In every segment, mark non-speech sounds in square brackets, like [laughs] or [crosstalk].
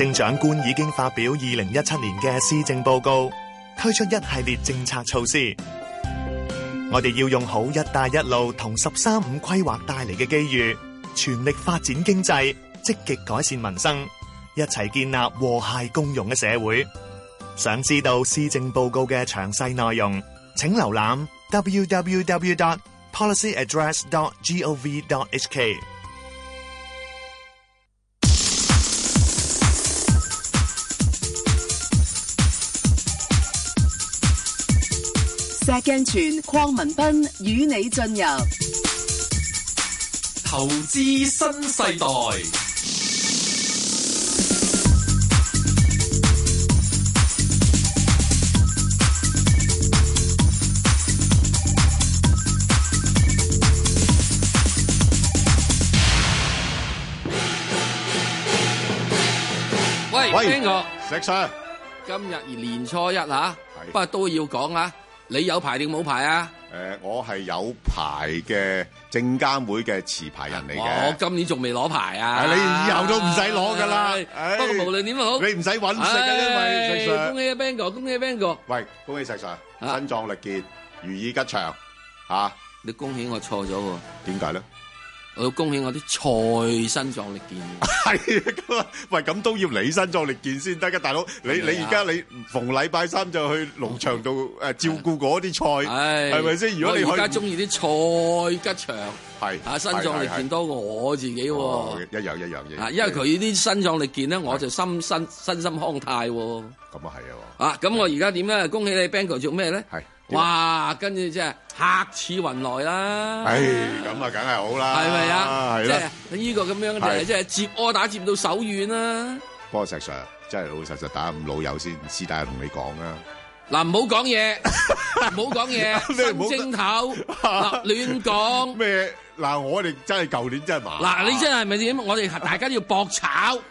政長官已經發表二零一七年嘅施政報告，推出一系列政策措施。我哋要用好“一帶一路”同“十三五”規劃帶嚟嘅機遇，全力發展經濟，積極改善民生，一齊建立和諧共融嘅社會。想知道施政報告嘅詳細內容，請瀏覽 www.policyaddress.gov.hk。石鏡泉、鄺文斌與你進入投資新世代。喂，聽我，石 Sir，今日而年初一啊，不過都要講啊。你有牌定冇牌啊？誒，我係有牌嘅證監會嘅持牌人嚟嘅。我今年仲未攞牌啊！你以後都唔使攞㗎啦。不過無論點好，你唔使搵食啊。因為 Sir，恭喜 Bang 哥，恭喜 Bang 哥。喂，恭喜石 Sir，身壯力健、啊，如意吉祥嚇、啊。你恭喜我錯咗喎？點解咧？我要恭喜我啲菜，身壯力健，係咁啊！喂，咁都要你身壯力健先得噶，大佬，你你而家你逢禮拜三就去農場度誒照顧嗰啲菜，係咪先？如果我而家中意啲菜吉祥，係啊，身壯力健多過我自己，一樣一樣嘢。啊，因為佢啲身壯力健咧，我就心身身心康泰。咁啊係啊，啊咁我而家點咧？恭喜你，Bingo 做咩咧？係。哇！跟住即係客似雲來啦。唉、哎，咁啊，梗係好啦。係咪啊？係即係呢個咁樣就即、是、係接柯打接到手軟啦。不過石 Sir 真係老實實打咁老友先，師弟同你講啦。嗱，唔好講嘢，唔好講嘢，唔好爭頭，亂講咩？嗱、啊，我哋真係舊年真係買。嗱，你真係咪點我哋大家都要搏炒。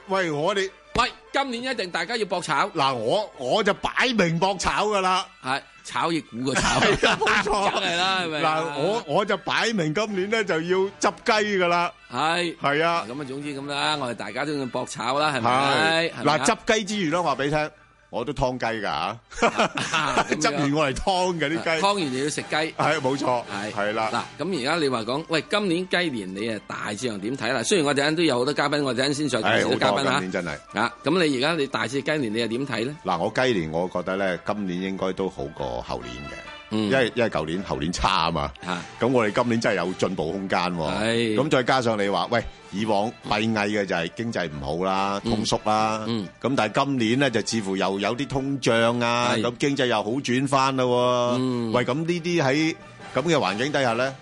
喂，我哋。喂，今年一定大家要搏炒。嗱，我我就擺明搏炒噶啦，係炒亦股個炒，冇錯嚟啦，係咪？嗱 [laughs] 我我就擺明今年咧就要執雞噶啦，係係啊，咁啊總之咁啦，我哋大家都要搏炒啦，係咪？嗱，執雞之餘咧，話俾你聽。我都劏雞㗎嚇、啊，啊、 [laughs] 完我係劏嘅啲雞，劏、啊、完就要食雞，係 [laughs] 冇錯，係啦。嗱，咁而家你話講，喂，今年雞年你誒大致上點睇啦？雖然我陣都有好多嘉賓，我陣先上好多嘉賓啦真係啊。咁、啊、你而家你大致雞年你又點睇咧？嗱，我雞年我覺得咧，今年應該都好過後年嘅。嗯，因為因為舊年、後年差啊嘛，咁我哋今年真係有進步空間，咁再加上你話，喂，以往閉翳嘅就係經濟唔好啦、通縮啦，咁但係今年咧就似乎又有啲通脹啊，咁經濟又好轉翻咯，喂，咁呢啲喺咁嘅環境底下咧，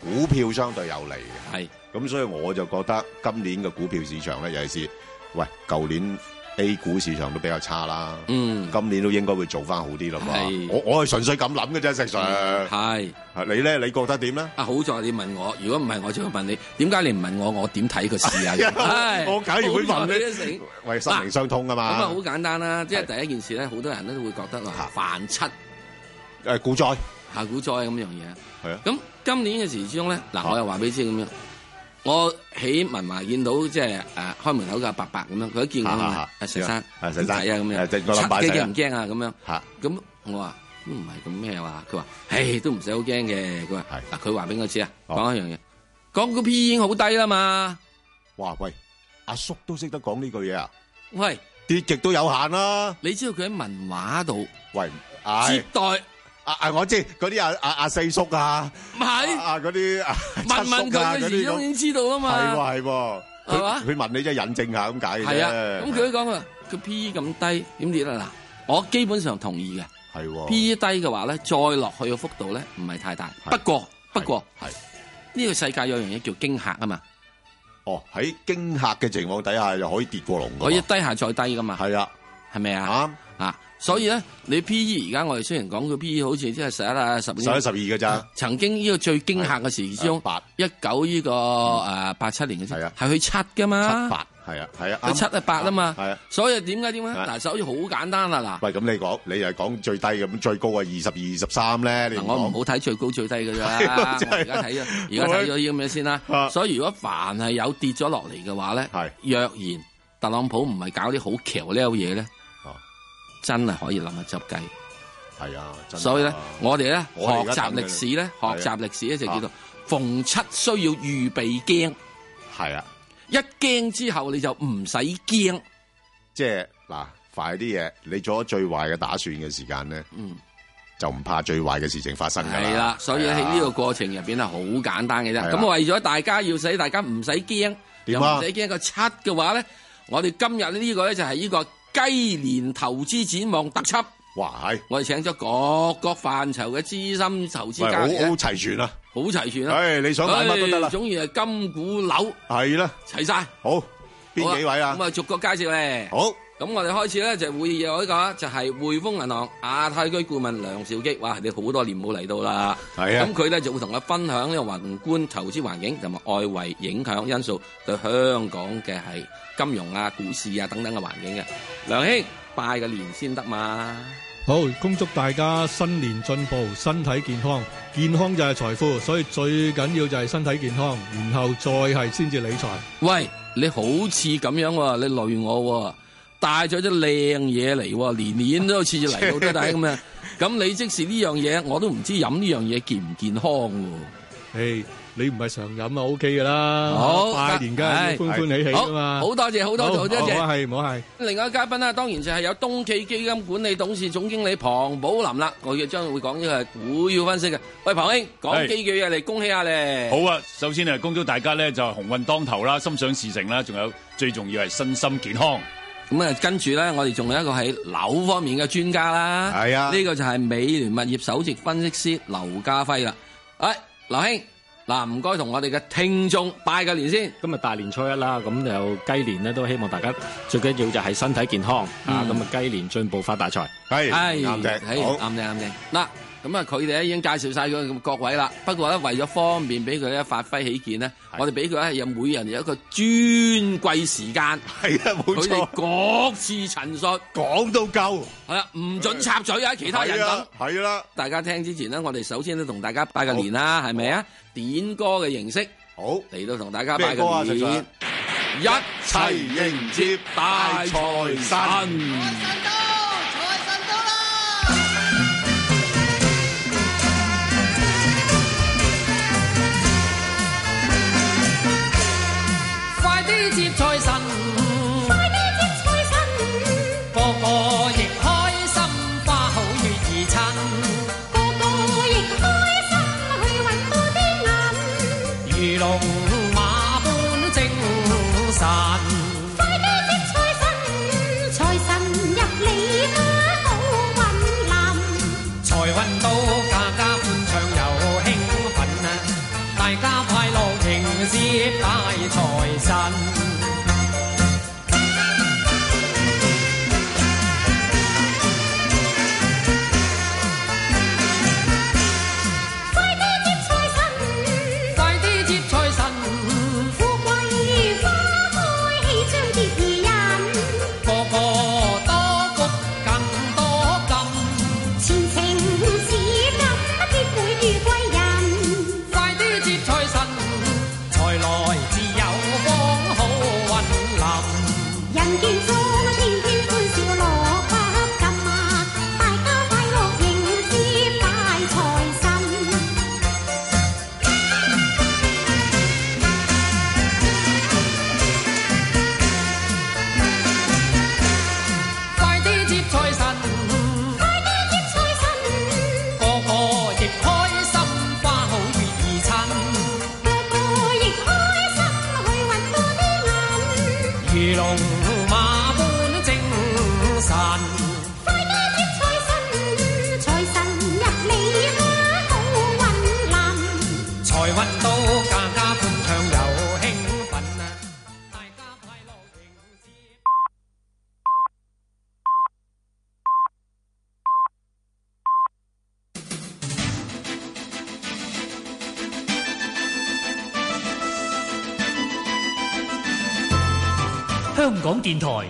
股票相對有利嘅，係，咁所以我就覺得今年嘅股票市場咧，尤其是喂，舊年。A 股市場都比較差啦，嗯，今年都應該會做翻好啲啦嘛。我我係純粹咁諗嘅啫，石 Sir 係，你咧你覺得點咧？啊好在你問我，如果唔係我仲要問你，點解你唔問我？我點睇個事啊？ [laughs] 我梗係會問你啦，喂，心靈相通啊嘛。咁啊好簡單啦、啊，即、就、係、是、第一件事咧，好多人都會覺得七、哎、古古啊，凡七誒股災吓股災咁樣嘢。係啊。咁今年嘅時之中咧，嗱我又話俾你知咁樣。我喺文華見到即係誒開門口嘅伯伯咁樣，佢見我，阿石生，石生啊咁樣，七幾驚唔驚啊咁樣？咁我話都唔係咁咩話？佢話，誒，都唔使好驚嘅。佢話，嗱佢話俾我知啊，講一樣嘢，講個 P E 已經好低啦嘛。哇喂，阿叔都識得講呢句嘢啊？喂，跌極都有限啦。你知道佢喺文華度，接待。啊啊！我知嗰啲阿阿阿四叔啊，唔係啊嗰啲、啊啊啊、問問佢嘅事都已經知道啊嘛，係喎係喎，佢、啊、問你真係引證下咁解啫。係啊，咁佢都講啊，個 P 咁低點跌啊嗱，我基本上同意嘅。係、啊、p 低嘅話咧，再落去嘅幅度咧唔係太大。不過、啊、不過，係呢、啊啊這個世界有樣嘢叫驚嚇啊嘛。哦，喺驚嚇嘅情況底下就可以跌過龍。可以低下再低噶嘛。係啊，係咪啊？啊啊！所以咧，你 P E 而家我哋雖然講佢 P E 好似即係十一十二，十一十二噶咋？曾經呢個最驚嚇嘅時之中，八一九呢個誒八七年嘅時，係啊，係去七噶嘛？八係啊，係啊，七啊八啊嘛，係啊。所以點解點解？嗱，所以好簡單啦，嗱。喂，咁你講，你又係講最低咁，最高係二十二、二十三咧？我唔好睇最高最低噶咋，而家睇啊，而家睇咗啲咩先啦？所以如果凡係有跌咗落嚟嘅話咧，若然特朗普唔係搞啲好騎呢嘢咧。真係可以諗下執雞，係啊，啊！所以咧，我哋咧學習歷史咧，學習歷史咧、啊、就叫做逢七需要預備驚，係啊！一驚之後你就唔使驚，即係嗱，快啲嘢，你做咗最壞嘅打算嘅時間咧，嗯，就唔怕最壞嘅事情發生係啦、啊。所以喺呢個過程入邊咧，好簡單嘅啫。咁、啊、為咗大家要使，大家唔使驚，又唔使驚個七嘅話咧，我哋今日呢個咧就係呢、這個。雞年投資展望特輯，哇，係，我哋請咗各個範疇嘅資深投資家，好齊全啊，好齊全啊，誒、哎、你想買乜都得啦，總之係金股樓，係啦，齊晒，好，邊幾位啊？咁啊逐個介紹咧，好。咁我哋開始咧就會有一個就係匯豐銀行亞太區顧問梁兆基。哇！你好多年冇嚟到啦，係啊。咁佢咧就會同我分享呢個宏觀投資環境同埋外圍影響因素對香港嘅係金融啊、股市啊等等嘅環境嘅。梁兄，拜個年先得嘛？好，恭祝大家新年進步，身體健康，健康就係財富，所以最緊要就係身體健康，然後再係先至理財。喂，你好似咁樣啊，你累我。帶咗啲靚嘢嚟，年年都好似嚟到爹哋咁啊！咁你即時呢樣嘢，我都唔知飲呢樣嘢健唔健康喎。誒，你唔係常飲就 O K 噶啦，拜年嘅歡歡喜喜啊嘛。好多謝好多謝好多謝。唔好係唔好係。另外一嘉賓啦，當然就係有東企基金管理董事總經理龐寶林啦，我將會講呢個係股要分析嘅。喂，龐兄，講幾句嘢嚟恭喜下咧。好啊，首先啊，恭祝大家咧就鴻運當頭啦，心想事成啦，仲有最重要係身心健康。咁啊，跟住咧，我哋仲有一個喺樓方面嘅專家啦。係啊，呢個就係美聯物業首席分析師劉家輝啦。誒，劉兄，嗱，唔該同我哋嘅聽眾拜個年先。今日大年初一啦，咁就雞年咧，都希望大家最緊要就係身體健康、嗯、啊。咁啊，雞年進步發大財。係，啱、哎、定好，啱定啱定。嗱。咁啊，佢哋咧已經介紹晒嗰咁各位啦。不過咧，為咗方便俾佢咧發揮起見咧，我哋俾佢咧有每人有一個尊貴時間。係啊，冇錯。佢哋各自陳述，講到夠係啦，唔准插嘴啊！其他人等係啦。大家聽之前呢，我哋首先都同大家拜個年啦，係咪啊？點歌嘅形式好嚟到同大家拜個年，啊，一齊迎接大財神。接財神。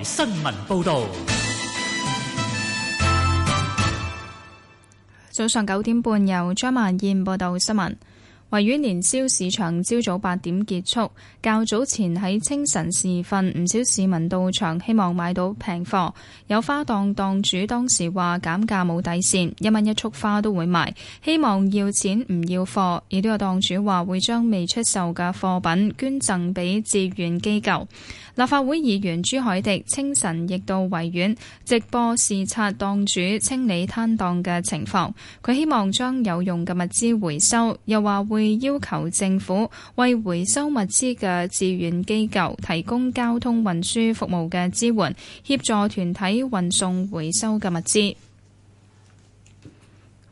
新聞報導。早上九點半，由張曼燕報導新聞。維園年宵市場朝早八點結束，較早前喺清晨時分，唔少市民到場，希望買到平貨。有花檔檔主當時話減價冇底線，一蚊一束花都會賣，希望要錢唔要貨。亦都有檔主話會將未出售嘅貨品捐贈俾志願機構。立法會議員朱凱迪清晨亦到維園直播視察檔主清理攤檔嘅情況，佢希望將有用嘅物資回收，又話會。要求政府為回收物資嘅志願機構提供交通運輸服務嘅支援，協助團體運送回收嘅物資。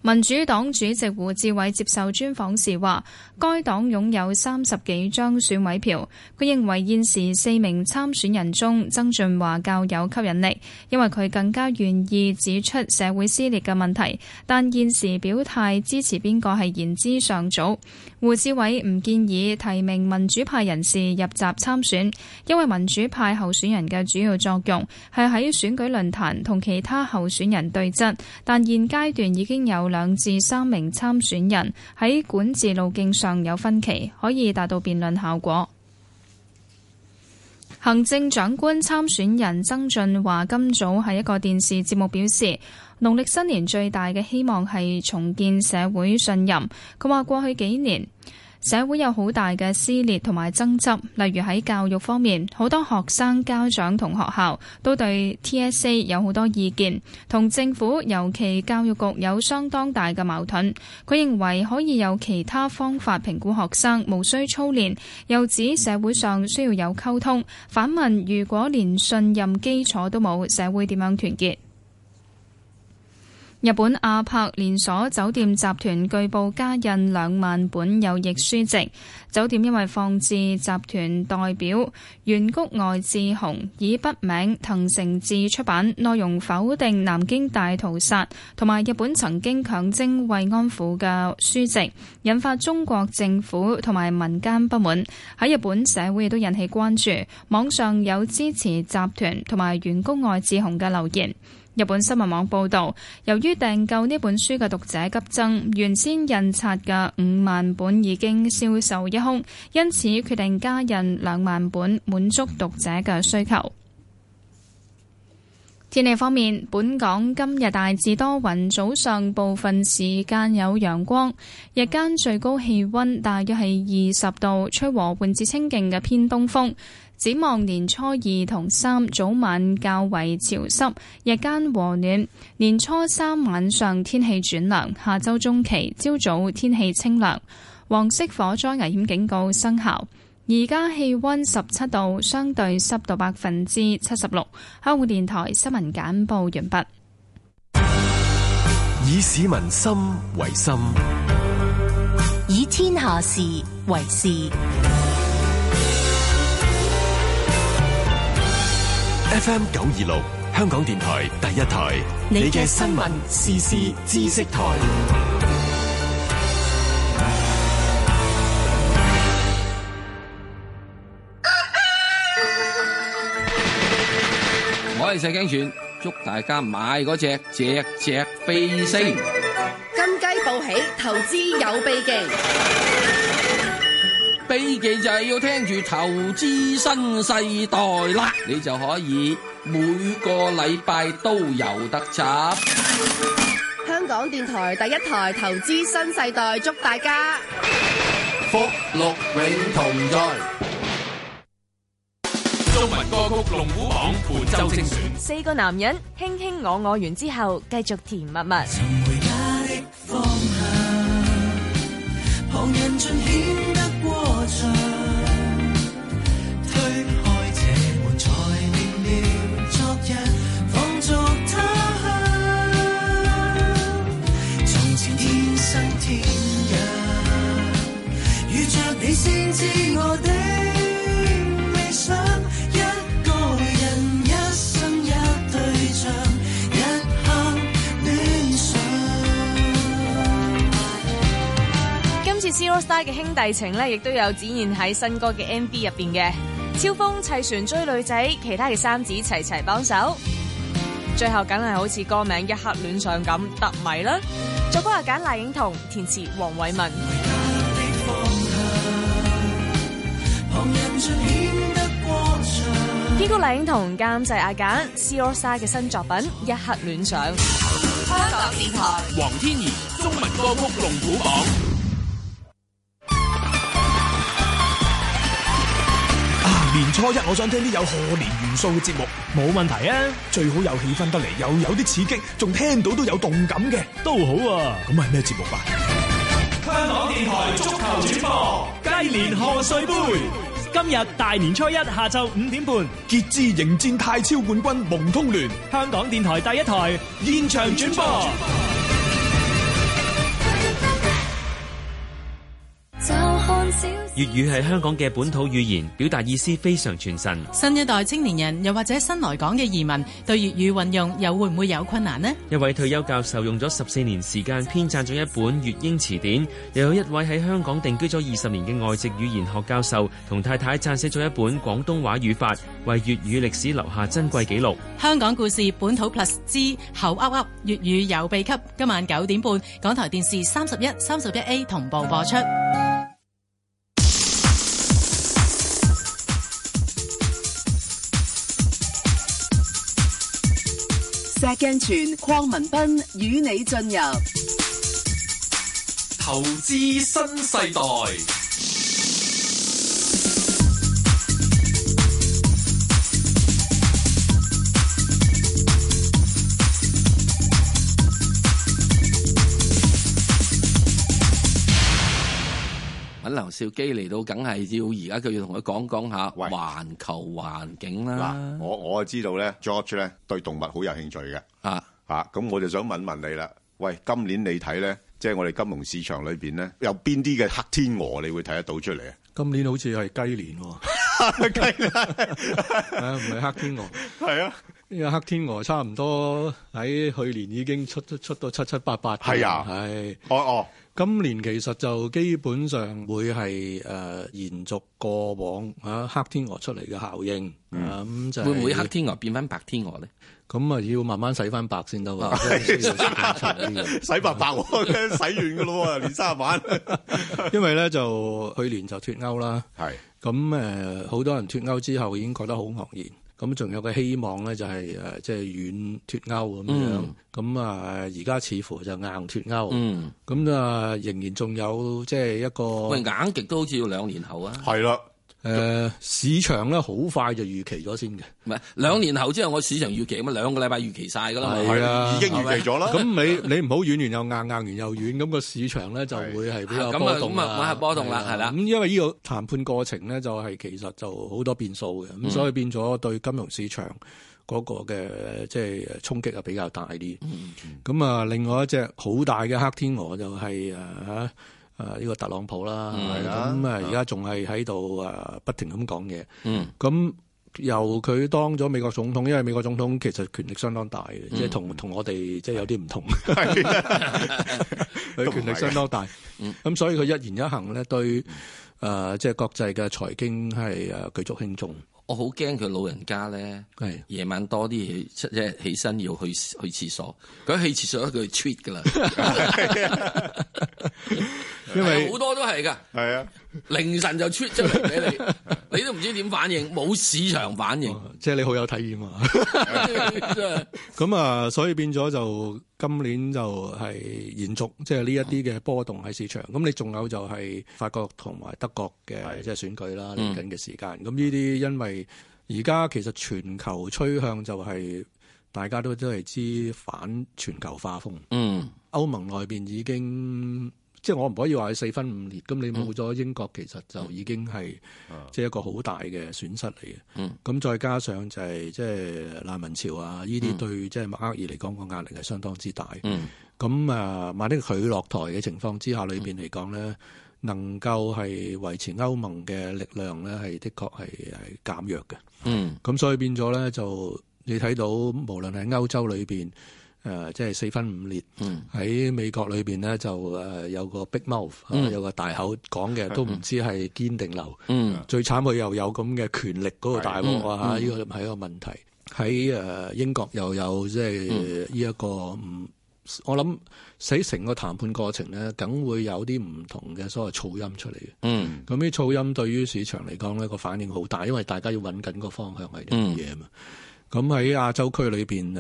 民主黨主席胡志偉接受專訪時話，該黨擁有三十幾張選委票。佢認為現時四名參選人中，曾俊華較有吸引力，因為佢更加願意指出社會撕裂嘅問題。但現時表態支持邊個係言之尚早。胡志偉唔建議提名民主派人士入閘參選，因為民主派候選人嘅主要作用係喺選舉論壇同其他候選人對質。但現階段已經有。兩至三名參選人喺管治路徑上有分歧，可以達到辯論效果。行政長官參選人曾俊華今早喺一個電視節目表示，農曆新年最大嘅希望係重建社會信任。佢話過去幾年。社會有好大嘅撕裂同埋爭執，例如喺教育方面，好多學生、家長同學校都對 TSA 有好多意見，同政府尤其教育局有相當大嘅矛盾。佢認為可以有其他方法評估學生，無需操練。又指社會上需要有溝通，反問如果連信任基礎都冇，社會點樣團結？日本阿帕連鎖酒店集團據報加印兩萬本有益書籍，酒店因為放置集團代表元谷外志雄以筆名藤誠志出版內容否定南京大屠殺同埋日本曾經強徵慰安婦嘅書籍，引發中國政府同埋民間不滿，喺日本社會亦都引起關注。網上有支持集團同埋元谷外志雄嘅留言。日本新聞網報導，由於訂購呢本書嘅讀者急增，原先印刷嘅五萬本已經銷售一空，因此決定加印兩萬本，滿足讀者嘅需求。天氣方面，本港今日大致多雲，早上部分時間有陽光，日間最高氣温大約係二十度，吹和緩至清勁嘅偏東風。展望年初二同三早晚較為潮濕，日間和暖。年初三晚上天氣轉涼，下周中期朝早天氣清涼，黃色火災危險警告生效。而家氣溫十七度，相對濕度百分之七十六。香港電台新聞簡報完畢。以市民心為心，以天下事為事。F M 九二六香港電台第一台，你嘅新聞時事知識台。我係石鏡泉，祝大家買嗰隻隻隻飛升，金雞報喜，投資有秘技。悲記就係要聽住《投資新世代》啦，你就可以每個禮拜都有得查。香港電台第一台《投資新世代》，祝大家福祿永同在。中文歌曲龍虎榜伴奏精選。四個男人卿卿我我完之後，繼續甜蜜蜜。推開這門，才明了昨日放逐他鄉。從前天生天養，遇着你先知我的。C AllStar 嘅兄弟情咧，亦都有展現喺新歌嘅 MV 入邊嘅。超風砌船追女仔，其他嘅三子齊齊幫手，最後梗係好似歌名《一刻戀上》咁特迷啦。作曲阿簡、賴英彤，填詞黃偉文。編曲賴英彤，監製阿簡，C AllStar 嘅新作品《一刻戀上》。香港電台，黃天宜中文歌曲龍虎榜。初一，我想聽啲有賀年元素嘅節目，冇問題啊！最好有氣氛得嚟，又有啲刺激，仲聽到都有動感嘅都好啊！咁係咩節目啊？香港電台足球轉播雞年賀歲杯，今日大年初一下晝五點半，傑志迎戰泰超冠軍蒙通聯，香港電台第一台現場轉播。粵語係香港嘅本土語言，表達意思非常傳神。新一代青年人又或者新來港嘅移民，對粵語運用又會唔會有困難呢？一位退休教授用咗十四年時間編撰咗一本粵英詞典，又有一位喺香港定居咗二十年嘅外籍語言學教授同太太撰寫咗一本廣東話語法，為粵語歷史留下珍貴記錄。香港故事本土 Plus 之口噏噏，粵語有秘笈。今晚九點半，港台電視三十一、三十一 A 同步播出。石鏡泉、鄺文斌與你進入投資新世代。少基嚟到，梗係要而家佢要同佢講講下環球環境啦。嗱，我我啊知道咧，George 咧對動物好有興趣嘅。啊啊，咁我就想問問你啦。喂，今年你睇咧，即係我哋金融市場裏邊咧，有邊啲嘅黑天鵝你會睇得到出嚟啊？今年好似係雞年，雞唔係黑天鵝。係啊，呢個黑天鵝差唔多喺去年已經出出出到七七八八。係啊，係。哦哦。今年其實就基本上會係誒延續過往吓黑天鵝出嚟嘅效應，咁、嗯、就是、會唔會黑天鵝變翻白天鵝咧？咁啊要慢慢洗翻白先得喎，洗白白嘅洗完噶咯，年卅晚。因為咧就去年就脫歐啦，係咁誒，好多人脫歐之後已經覺得好愕然。咁仲有個希望咧，就係誒，即係軟脫歐咁樣。咁、嗯、啊，而家似乎就硬脫歐。嗯，咁啊，仍然仲有即係一個喂，硬極都好似要兩年後啊。係啦。誒、呃，市場咧好快就預期咗先嘅。唔係兩年後之後我市場預期咁啊，兩個禮拜預期晒噶啦。係啊，已經預期咗啦。咁 [laughs] 你你唔好軟完，又硬遠遠遠遠遠遠遠，硬完又軟咁，個市場咧就會係比較波動啦。咁啊，咁啊，揾下波動啦，係啦。咁因為呢個談判過程咧，就係其實就好多變數嘅。咁、嗯、所以變咗對金融市場嗰個嘅，即係衝擊啊，就是、比較大啲。咁、嗯、啊，另外一隻好大嘅黑天鵝就係誒嚇。呃誒，呢個特朗普啦，咁啊，而家仲係喺度誒，不停咁講嘢。嗯，咁、嗯嗯、由佢當咗美國總統，因為美國總統其實權力相當大嘅、嗯，即係同同我哋即係有啲唔同。係，佢 [laughs] 權力相當大。嗯，咁所以佢一言一行咧，對誒，即係國際嘅財經係誒舉足輕重。我好驚佢老人家咧，夜晚多啲起，即係起身要去去廁所，佢去廁所佢就會 tweet 噶啦， [laughs] [laughs] 因為好、哎、多都係噶，係啊。凌晨就出即嚟俾你，你都唔知點反應，冇市場反應。即係、就是、你好有體驗啊！咁 [laughs] 啊， [laughs] 所以變咗就今年就係延續，即係呢一啲嘅波動喺市場。咁你仲有就係法國同埋德國嘅即係選舉啦，嚟緊嘅時間。咁呢啲因為而家其實全球趨向就係、是、大家都都係知反全球化風。嗯，歐盟內邊已經。即係我唔可以話係四分五裂，咁你冇咗英國、嗯，其實就已經係即係一個好大嘅損失嚟嘅。咁、嗯嗯、再加上就係即係難民潮啊，呢、嗯、啲對即係默克爾嚟講個壓力係相當之大。咁、嗯、啊，萬一佢落台嘅情況之下，裏邊嚟講咧，能夠係維持歐盟嘅力量咧，係的確係係減弱嘅。咁、嗯、所以變咗咧，就你睇到無論係歐洲裏邊。誒，即係四分五裂。喺、嗯、美國裏面呢，就誒有個 big mouth、嗯、有個大口講嘅、嗯，都唔知係堅定流。嗯、最慘佢又有咁嘅權力嗰、那個大鑊、嗯、啊！呢、這個係一個問題。喺、嗯、誒英國又有即係呢一個，我諗死成個談判過程呢，梗會有啲唔同嘅所謂噪音出嚟嘅。嗯，咁啲噪音對於市場嚟講呢，個反應好大，因為大家要揾緊個方向係啲乜嘢啊嘛。嗯。咁喺亞洲區裏邊，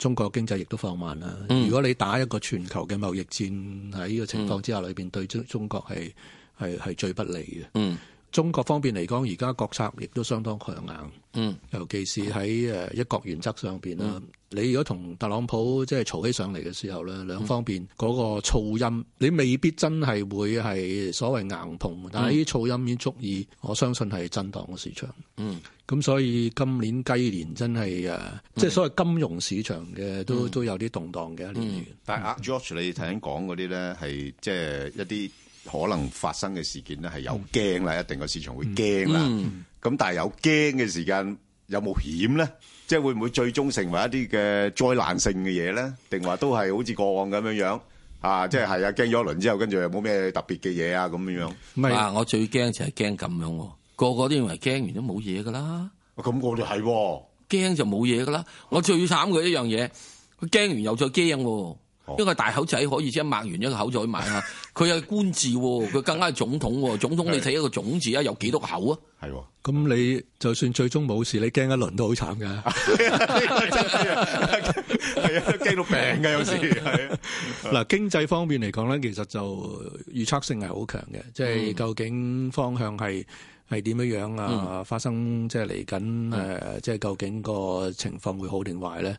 中國經濟亦都放慢啦。如果你打一個全球嘅貿易戰，喺呢個情況之下裏邊對中中國係係係最不利嘅、嗯。中國方面嚟講，而家國策亦都相當強硬。嗯，尤其是喺一國原則上邊。啦、嗯。你如果同特朗普即係嘈起上嚟嘅時候咧，兩方面嗰、嗯個噪音，你未必真係會係所謂硬碰，但係呢啲噪音已經足以我相信係震盪嘅市場。嗯。咁所以今年雞年真係誒，即係所謂金融市場嘅都都有啲動盪嘅一年。但係阿 George，你頭先講嗰啲咧，係即係一啲可能發生嘅事件咧係有驚啦，一定個市場會驚啦。咁但係有驚嘅時間有冇險咧？即係會唔會最終成為一啲嘅災難性嘅嘢咧？定話都係好似過往咁樣樣啊？即係係啊，驚咗一輪之後，跟住又冇咩特別嘅嘢啊咁樣樣。唔係啊，我最驚就係驚咁樣喎。個個都認為驚完都冇嘢噶啦，咁、啊、我哋、哦、就係驚就冇嘢噶啦。我最慘嘅一樣嘢，佢驚完又再驚、哦，因為大口仔可以先擘完一個口再買啊。佢 [laughs] 係官字，佢更加係總統， [laughs] 總統你睇一個總字啊，有幾多口啊？係咁、哦，你就算最終冇事，你驚一輪都好慘噶，係啊，驚到病噶有時係啊。嗱， [laughs] [laughs] [laughs] [laughs] 經濟方面嚟講咧，其實就預測性係好強嘅，即、就、係、是、究竟方向係。嗯係點樣樣啊、嗯？發生即係嚟緊，誒，即係究竟個情況會好定壞咧？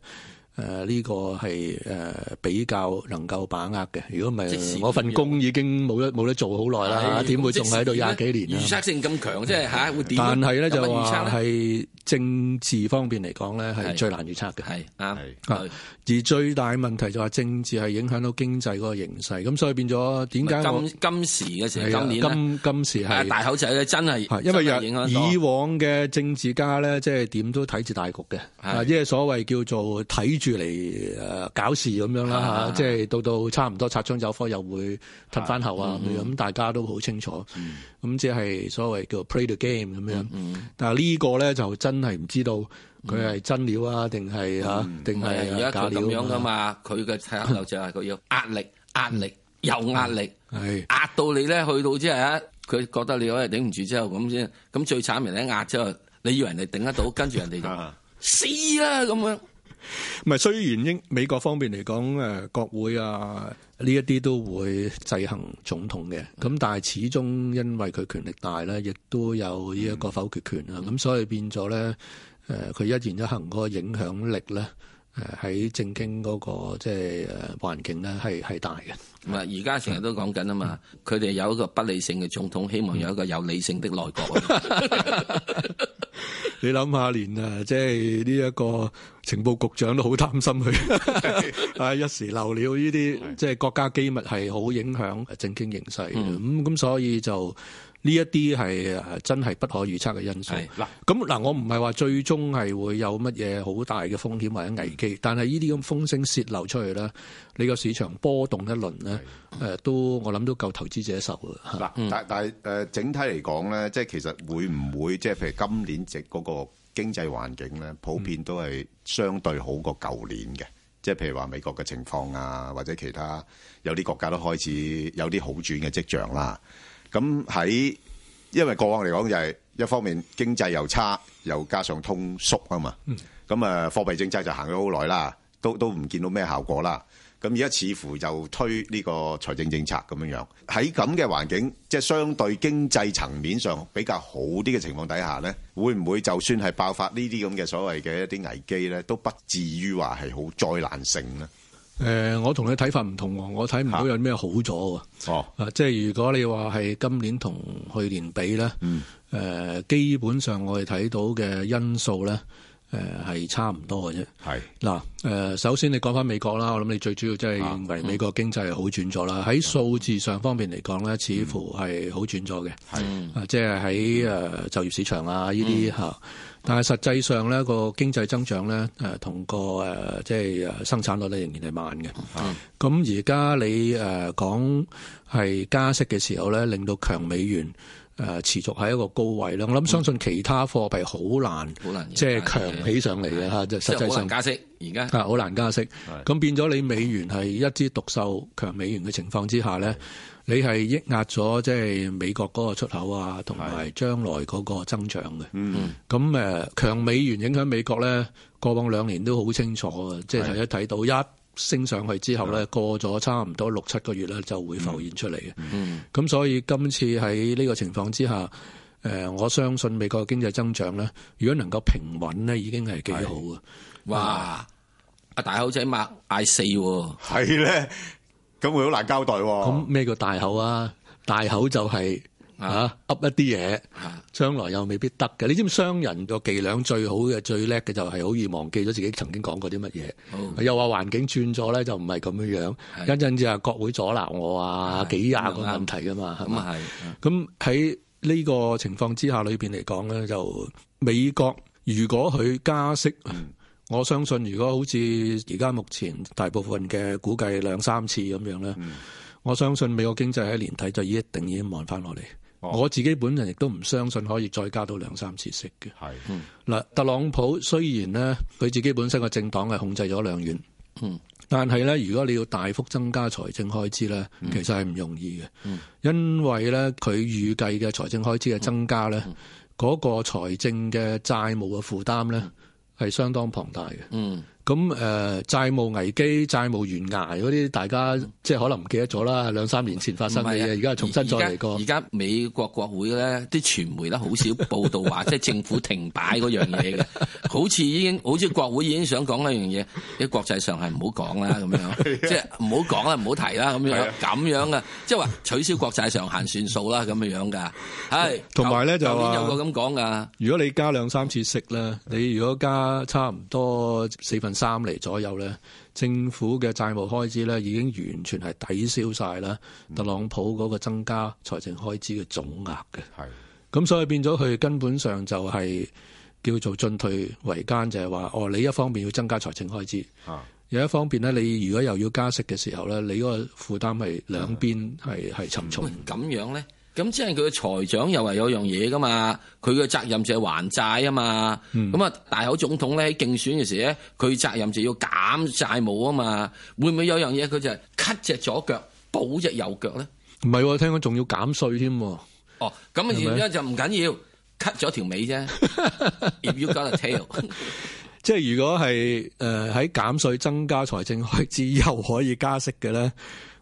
誒、呃、呢、呢個係誒比較能夠把握嘅，如果唔係我份工已經冇得冇得做好耐啦，點會仲喺度廿幾年？預測性咁強，即係嚇、啊、會點？但係咧就預測係政治方面嚟講咧係最難預測嘅。係啊，而最大嘅問題就係政治係影響到經濟嗰個形勢，咁所以變咗點解？今今時嘅時候，今今今時係大口仔咧，真係因為人以往嘅政治家咧，即係點都睇住大局嘅，即係所謂叫做睇住。住嚟誒搞事咁樣啦嚇，即係到到差唔多擦槍走火又會褪翻後啊咁，大家都好清楚。咁、嗯、即係所謂叫 play the game 咁、嗯嗯嗯、樣。但係呢個咧就真係唔知道佢係真料啊，定係嚇定係假料咁樣噶嘛？佢嘅策略就係佢要壓力、壓力有壓力、嗯是，壓到你咧去到之後啊，佢覺得你可能頂唔住之後咁先。咁最慘嘅咧壓之後，你以為人哋頂得到，跟住人哋就哈哈死啦、啊、咁樣。唔係，雖然英美國方面嚟講，誒國會啊呢一啲都會制衡總統嘅。咁但係始終因為佢權力大咧，亦都有呢一個否決權啊，咁所以變咗咧，誒佢一言一行個影響力咧。誒喺政經嗰個即係誒環境咧，係係大嘅。唔係而家成日都講緊啊嘛，佢、嗯、哋有一個不理性嘅總統，希望有一個有理性的內閣。嗯、 [laughs] [laughs] 你諗下，連啊即係呢一個情報局長都好擔心佢，啊 [laughs] 一時漏了呢啲，即係國家機密係好影響政經形勢嘅。咁、嗯、咁所以就。呢一啲係真係不可預測嘅因素。嗱，咁嗱，我唔係話最終係會有乜嘢好大嘅風險或者危機，但係呢啲咁風聲洩漏出去咧，你個市場波動一輪咧，誒都我諗都夠投資者受㗎。嗱、嗯，但係但係誒、呃、整體嚟講咧，即係其實會唔會即係譬如今年值嗰個經濟環境咧，普遍都係相對好過舊年嘅，即、嗯、係譬如話美國嘅情況啊，或者其他有啲國家都開始有啲好轉嘅跡象啦。嗯咁喺，因為過往嚟講就係一方面經濟又差，又加上通縮啊嘛。嗯。咁啊貨幣政策就行咗好耐啦，都都唔見到咩效果啦。咁而家似乎就推呢個財政政策咁樣樣，喺咁嘅環境，即係相對經濟層面上比較好啲嘅情況底下咧，會唔會就算係爆發呢啲咁嘅所謂嘅一啲危機咧，都不至於話係好災難性咧？誒、呃，我同你睇法唔同喎，我睇唔到有咩好咗喎。哦、啊，啊，即係如果你話係今年同去年比咧，嗯、呃，基本上我哋睇到嘅因素咧，誒、呃，係差唔多嘅啫。嗱、啊，首先你講翻美國啦，我諗你最主要即係認為美國經濟係好轉咗啦。喺數字上方面嚟講咧，似乎係好轉咗嘅。係、嗯啊。即係喺就業市場啊，呢啲但係實際上咧，個經濟增長咧，誒同個誒即係生產率咧，仍然係慢嘅。咁而家你誒講係加息嘅時候咧，令到強美元。誒、呃、持續喺一個高位啦，我諗相信其他貨幣好難即係、嗯就是、強起上嚟嘅嚇，即係實際上加息，而家啊好難加息，咁變咗你美元係一枝獨秀強美元嘅情況之下咧，你係抑壓咗即係美國嗰個出口啊，同埋將來嗰個增長嘅。嗯，咁誒強美元影響美國咧，過往兩年都好清楚嘅，即係大家睇到一。升上去之後咧，過咗差唔多六七個月咧，就會浮現出嚟嘅。咁、嗯嗯、所以今次喺呢個情況之下，誒，我相信美國嘅經濟增長咧，如果能夠平穩咧，已經係幾好啊。哇！阿、嗯啊、大口仔擘嗌四，係咧，咁會好難交代、啊。咁咩叫大口啊？大口就係、是。吓噏一啲嘢，將來又未必得嘅。你知唔知商人個伎倆最好嘅、uh, 最叻嘅就係好易忘記咗自己曾經講過啲乜嘢。Oh. 又話環境轉咗咧，就唔係咁樣樣。Uh. 一陣係國會阻撓我啊，uh. 幾廿個問題噶嘛。咁、uh. 係。咁喺呢個情況之下裏邊嚟講咧，就美國如果佢加息，mm. 我相信如果好似而家目前大部分嘅估計兩三次咁樣咧，mm. 我相信美國經濟喺年底就已一定已經望翻落嚟。我自己本人亦都唔相信可以再加到兩三次息嘅。係，嗱，特朗普雖然呢，佢自己本身嘅政黨係控制咗兩院，嗯，但係呢，如果你要大幅增加財政開支呢，嗯、其實係唔容易嘅，嗯、因為呢，佢預計嘅財政開支嘅增加呢，嗰、嗯、個財政嘅債務嘅負擔呢，係相當龐大嘅。嗯咁誒、呃、債務危機、債務懸崖嗰啲，大家即係可能唔記得咗啦，兩三年前發生嘅嘢，而家重新再嚟過。而家美國國會咧，啲傳媒咧好少報道話， [laughs] 即係政府停擺嗰樣嘢嘅， [laughs] 好似已經，好似國會已經想講一樣嘢，喺國際上係唔好講啦，咁樣, [laughs] 樣, [laughs] 樣，即係唔好講啦，唔好提啦，咁樣，咁樣嘅，即係話取消國際上限算數啦，咁樣樣噶。係。同埋咧就，有個咁講噶，如果你加兩三次息啦，你如果加差唔多四分。三厘左右呢，政府嘅債務開支呢已經完全係抵消晒啦。特朗普嗰個增加財政開支嘅總額嘅，係咁所以變咗佢根本上就係叫做進退維艱，就係、是、話哦，你一方面要增加財政開支，有、啊、一方面呢，你如果又要加息嘅時候的是是的是的是呢，你嗰個負擔係兩邊係沉重。咁樣咧？咁即係佢嘅財長又係有樣嘢噶嘛，佢嘅責任就係還債啊嘛。咁、嗯、啊，大口總統咧喺競選嘅時咧，佢責任就要減債務啊嘛。會唔會有樣嘢佢就係 cut 隻左腳補隻右腳咧？唔係、啊，聽講仲要減稅添。哦，咁而家就唔緊要，cut 咗條尾啫。 [laughs] If you got a tail [laughs] 。即係如果係誒喺減稅、增加財政開支又可以加息嘅咧？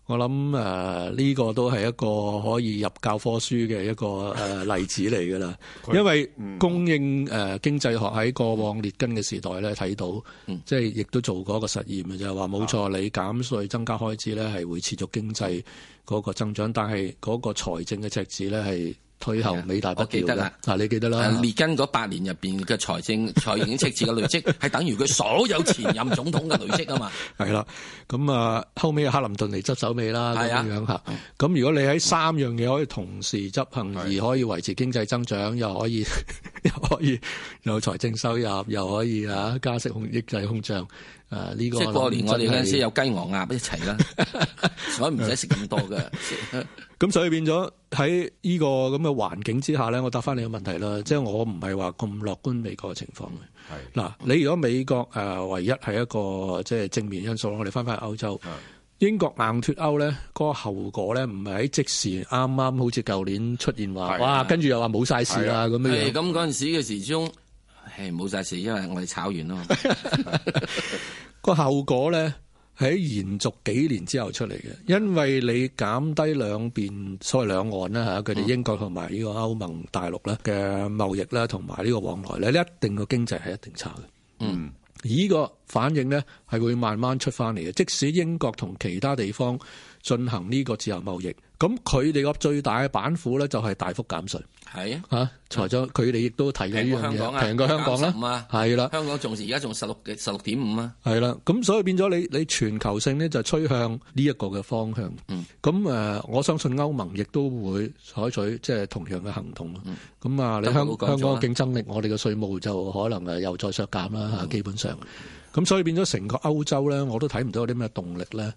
我諗誒，呢、呃這個都係一個可以入教科書嘅一個誒、呃、例子嚟噶啦，因為供應誒、呃、經濟學喺過往列根嘅時代咧睇到，嗯、即係亦都做過一個實驗嘅啫，話、就、冇、是、錯，你減稅增加開支咧係會持續經濟嗰個增長，但係嗰個財政嘅赤字咧係。退後美大不記得啦，嗱你記得啦，列根嗰八年入邊嘅財政財政赤字嘅累積，係等於佢所有前任總統嘅累積啊嘛，係 [laughs] 啦，咁啊後尾克林頓嚟執手尾啦，咁樣吓，咁如果你喺三樣嘢可以同時執行，而可以維持經濟增長，又可以又可以有財政收入，又可以加息控抑制通脹。即係過年我哋嗰陣時有雞鵝鴨一齊啦，所以唔使食咁多㗎。咁所以變咗喺呢個咁嘅環境之下咧，我答翻你個問題啦。即係我唔係話咁樂觀美國嘅情況嘅。係嗱，你如果美國誒，唯一係一個即係正面因素。我哋翻翻去歐洲，英國硬脫歐咧，嗰個後果咧，唔係喺即時啱啱好似舊年出現話，哇，跟住又話冇晒事啊咁樣。咁陣時嘅時中係冇晒事，因為我哋炒完咯，個 [laughs] [laughs] 後果咧係喺延續幾年之後出嚟嘅，因為你減低兩邊所謂兩岸啦吓，佢哋英國同埋呢個歐盟大陸咧嘅貿易啦，同埋呢個往來咧，一定個經濟係一定差嘅。嗯，呢個反應咧係會慢慢出翻嚟嘅，即使英國同其他地方。進行呢個自由貿易，咁佢哋個最大嘅板斧咧就係大幅減稅，係啊，嚇、啊，財長佢哋亦都提到呢樣嘢，平過香港啦、啊，係啦，香港仲而家仲十六十六點五啊，係啦、啊，咁16、啊、所以變咗你你全球性呢，就趨向呢一個嘅方向，咁、嗯、我相信歐盟亦都會採取即係同樣嘅行動咁啊，嗯、你香港香港競爭力，我哋嘅稅務就可能誒又再削減啦、嗯，基本上。咁所以變咗成個歐洲咧，我都睇唔到有啲咩動力咧，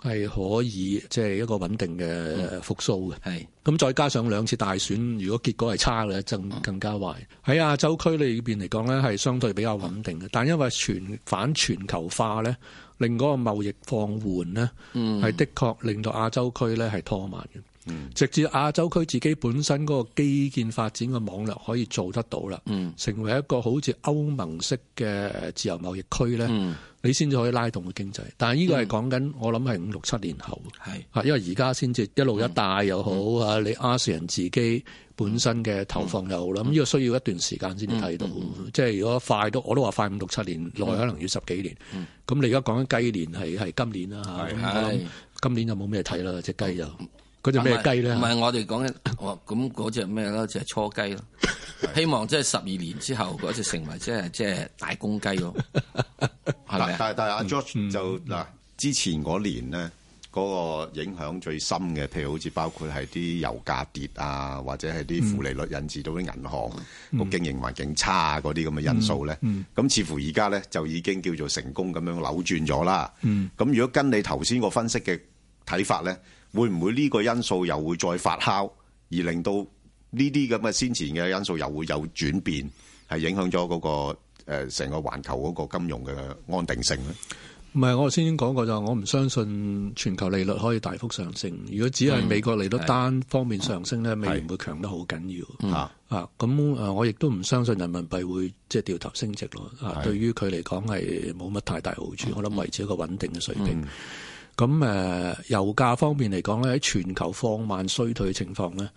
係可以即係一個穩定嘅復蘇嘅。係咁再加上兩次大選，如果結果係差嘅咧，更更加壞。喺亞洲區裏邊嚟講咧，係相對比較穩定嘅，但因為全反全球化咧，令嗰個貿易放緩咧，係的確令到亞洲區咧係拖慢嘅。直至亞洲區自己本身嗰個基建發展嘅網絡可以做得到啦、嗯，成為一個好似歐盟式嘅自由貿易區咧、嗯，你先至可以拉動個經濟。但係呢個係講緊我諗係五六七年後啊，因為而家先至一路一帶又好啊、嗯，你亞視人自己本身嘅投放又好啦。咁呢個需要一段時間先至睇到，嗯、即係如果快都我都話快五六七年，耐可能要十幾年。咁、嗯、你而家講緊雞年係係今年啦嚇，今年就冇咩睇啦，隻雞就。嗰隻咩雞咧？唔係我哋講哦，咁嗰隻咩咯？隻、那、係、個、初雞咯。 [laughs] 希望即係十二年之後嗰隻、那個、成為即係即係大公雞咯。 [laughs] 但係但係阿 George、嗯、就嗱、嗯，之前嗰年咧嗰、那個影響最深嘅，譬如好似包括係啲油價跌啊，或者係啲負利率引致到啲銀行個、嗯、經營環境差啊，嗰啲咁嘅因素咧。咁、嗯嗯、似乎而家咧就已經叫做成功咁樣扭轉咗啦。咁、嗯、如果跟你頭先個分析嘅睇法咧？會唔會呢個因素又會再發酵，而令到呢啲咁嘅先前嘅因素又會有轉變，係影響咗嗰個誒成、呃、個環球嗰個金融嘅安定性咧？唔係，我先講過就我唔相信全球利率可以大幅上升。如果只係美國利率單方面上升咧、美、嗯、元、嗯、會強得好緊要。啊，咁我亦都唔相信人民幣會即係、就是、掉頭升值咯。啊，對於佢嚟講係冇乜太大好處。嗯、我諗維持一個穩定嘅水平。嗯嗯咁誒，油價方面嚟講咧，喺全球放慢衰退嘅情況咧，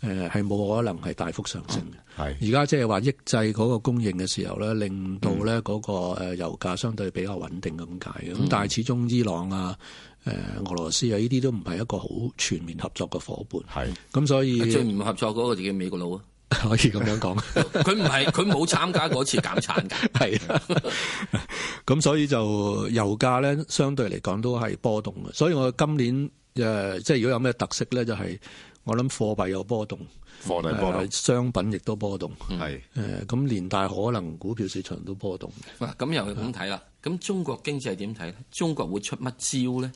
誒，係冇可能係大幅上升嘅。係而家即係話抑制嗰個供應嘅時候咧，令到咧嗰個油價相對比較穩定咁解嘅。咁、嗯、但係始終伊朗啊、誒、呃、俄羅斯啊呢啲都唔係一個好全面合作嘅夥伴。係咁所以最唔合作嗰個就叫美國佬啊！可以咁樣講 [laughs] 佢唔係佢冇參加嗰次減產嘅、 [laughs] 啊，係咁所以就油價咧相對嚟講都係波動嘅。所以我今年誒、呃，即係如果有咩特色咧，就係、是、我諗貨幣有波動，貨幣波動，呃、商品亦都波動，係誒連帶可能股票市場都波動。咁、嗯嗯嗯、又係咁睇啦。咁中國經濟係點睇咧？中國會出乜招咧？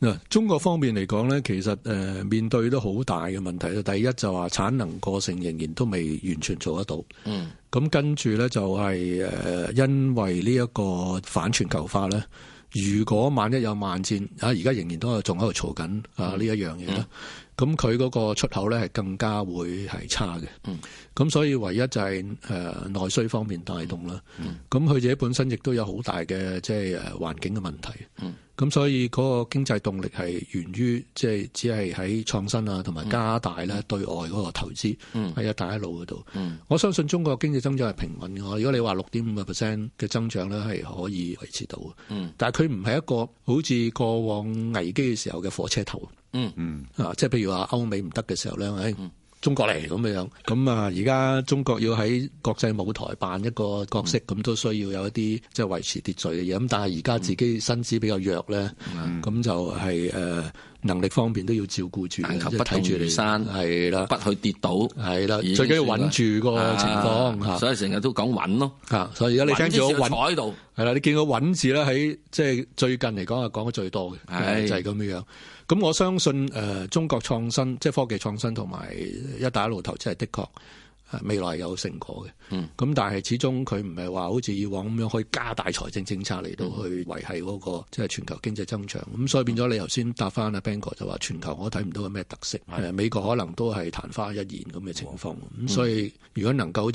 嗱，中國方面嚟講咧，其實誒面對都好大嘅問題啦。第一就話產能過剩仍然都未完全做得到。嗯。咁跟住咧就係誒因為呢一個反全球化咧，如果萬一有萬戰啊，而家仍然都係仲喺度嘈緊啊呢一樣嘢啦。咁佢嗰個出口咧係更加會係差嘅。嗯，咁所以唯一就係誒內需方面帶動啦。嗯，咁佢自己本身亦都有好大嘅即係誒環境嘅問題。嗯，咁所以嗰個經濟動力係源於即係只係喺創新啊，同埋加大咧對外嗰個投資，嗯，喺一帶一路嗰度。我相信中國經濟增長係平穩嘅。如果你話六點五個 percent 嘅增長咧係可以維持到。嗯，但係，佢唔係一個好似過往危機嘅時候嘅火車頭。嗯嗯，啊，即係譬如話歐美唔得嘅時候咧，喺、嗯哎、中國嚟咁樣，咁啊而家中國要喺國際舞台扮一個角色，咁、嗯、都需要有一啲即係維持秩序嘅嘢，咁但係而家自己身子比較弱咧，咁、嗯、就係、是、誒。嗯呃能力方面都要照顧住，即不睇住嚟山，係、就、啦、是，不去跌倒，係啦，最緊要穩住個情況，所以成日都講穩咯。所以而家你聽住個穩，係啦，你見到穩字呢，喺即係最近嚟講係講得最多嘅，就係咁樣樣。咁我相信、呃、中國創新，即係科技創新同埋一帶一路投資係的確。未來有成果嘅，咁、嗯、但係始終佢唔係話好似以往咁樣可以加大財政政策嚟到去維繫嗰、那個即係、嗯、全球經濟增長。咁、嗯、所以變咗你頭先答翻阿 Ben 哥就話全球我睇唔到有咩特色、嗯，美國可能都係殘花一現咁嘅情況。咁、嗯、所以如果能夠好似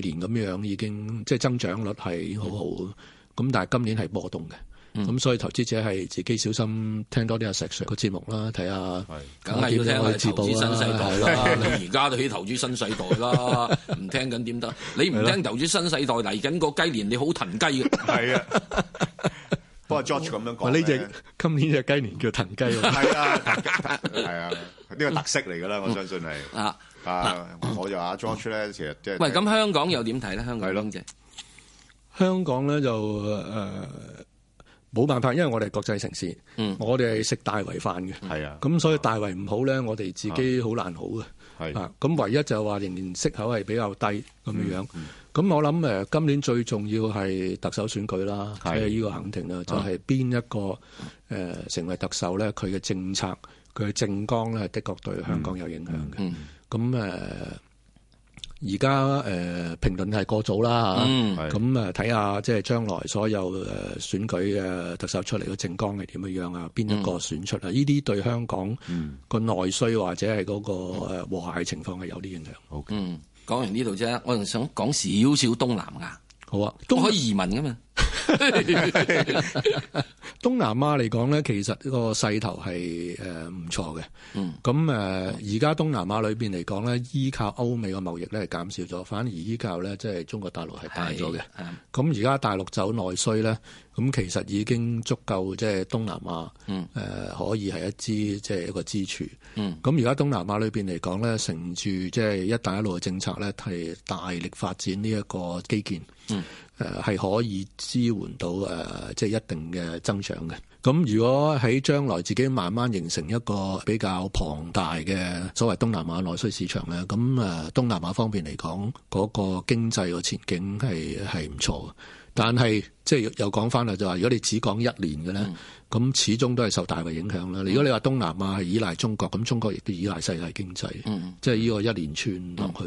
去年咁樣已經即係、就是、增長率係好好，咁、嗯、但係今年係波動嘅。咁、嗯、所以投資者係自己小心，聽多啲阿石 Sir 個節目啦，睇下。係，梗係要聽啦，投資新世代啦。而家 [laughs] 都起投資新世代啦，唔 [laughs] 聽緊點得？你唔聽投資新世代嚟緊個雞年你雞，你好騰雞嘅。係啊，不過 George 咁樣講隻、啊，今年隻雞年叫騰雞。係啊，係啊，呢個特色嚟噶啦，我相信係。啊啊，我就話 George 咧、啊，其實即、就係、喂，咁香港又點睇咧？香港係咯，香港咧就誒。呃冇辦法，因為我哋係國際城市，我哋係食大圍飯嘅，係啊，咁所以大圍唔好咧，我哋自己好難好嘅，係啊，咁唯一就係話年年息口係比較低咁樣樣，咁我諗誒今年最重要係特首選舉啦，睇下呢個肯定啦，就係邊一個誒成為特首咧，佢嘅政策佢嘅政綱咧，係的確對香港有影響嘅，咁誒。而家誒評論係過早啦嚇，咁誒睇下即係將來所有誒選舉嘅特首出嚟嘅政綱係點樣樣啊？邊一個選出啊？嗯，呢啲對香港個內需或者係嗰個誒和諧嘅情況係有啲影響。嗯，講完呢度啫，我仲想講少少東南亞。好啊，都可以移民噶嘛？ [laughs] [laughs] 東南亞嚟講咧，其實呢個勢頭係誒唔錯嘅。嗯，咁誒而家東南亞裏邊嚟講咧，依靠歐美嘅貿易咧係減少咗，反而依靠咧即係中國大陸係大咗嘅。咁而家大陸走內需咧，咁其實已經足夠即係東南亞，嗯，誒可以係一支即係一個支柱。嗯，咁而家東南亞裏邊嚟講咧，乘住即係一帶一路嘅政策咧，係大力發展呢一個基建。嗯。係可以支援到誒，即係一定嘅增長嘅。咁如果喺將來自己慢慢形成一個比較龐大嘅所謂東南亞內需市場呢，咁誒東南亞方面嚟講，嗰、嗰個經濟嘅前景係係唔錯。但係即係又講翻啦，就話如果你只講一年嘅呢，咁、嗯、始終都係受大嘅影響啦。如果你話東南亞係依賴中國，咁中國亦都依賴世界經濟，即係呢個一連串落去。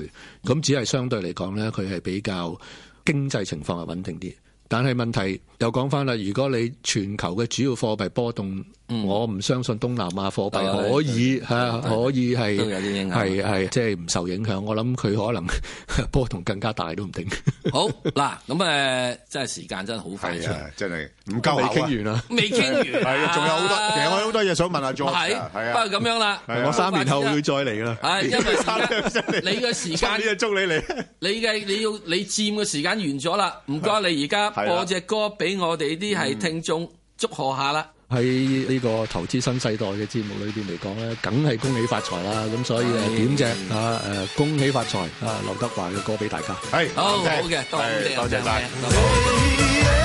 咁、嗯、只係相對嚟講呢，佢係比較。經濟情況係穩定啲，但係問題又講返喇。如果你全球嘅主要貨幣波動，我唔相信東南亞貨幣可以、嗯啊啊啊啊啊啊啊啊、可以係、有啲影響、係即係唔受影響。我諗佢可能 [laughs] 波動更加大都唔定。好嗱，咁誒，真係時間真係好快、啊，真係唔夠你傾完啦、啊啊，未傾完、啊，係仲有好多，我、啊、有好多嘢想問下莊。唔係、啊，不過咁樣啦、啊啊，我三年後會再嚟啦。係、啊、因為真係你嘅時間，呢 [laughs] 祝你嚟，你嘅你要你佔嘅時間完咗啦。唔該，你而家播隻歌俾我哋啲係聽眾、啊嗯、祝賀下啦。喺呢個投資新世代嘅節目裏邊嚟講咧，梗係恭喜發財啦！咁所以誒，點啫啊？誒，恭喜發財啊！劉德華嘅歌俾大家，係好好嘅，多謝多謝曬。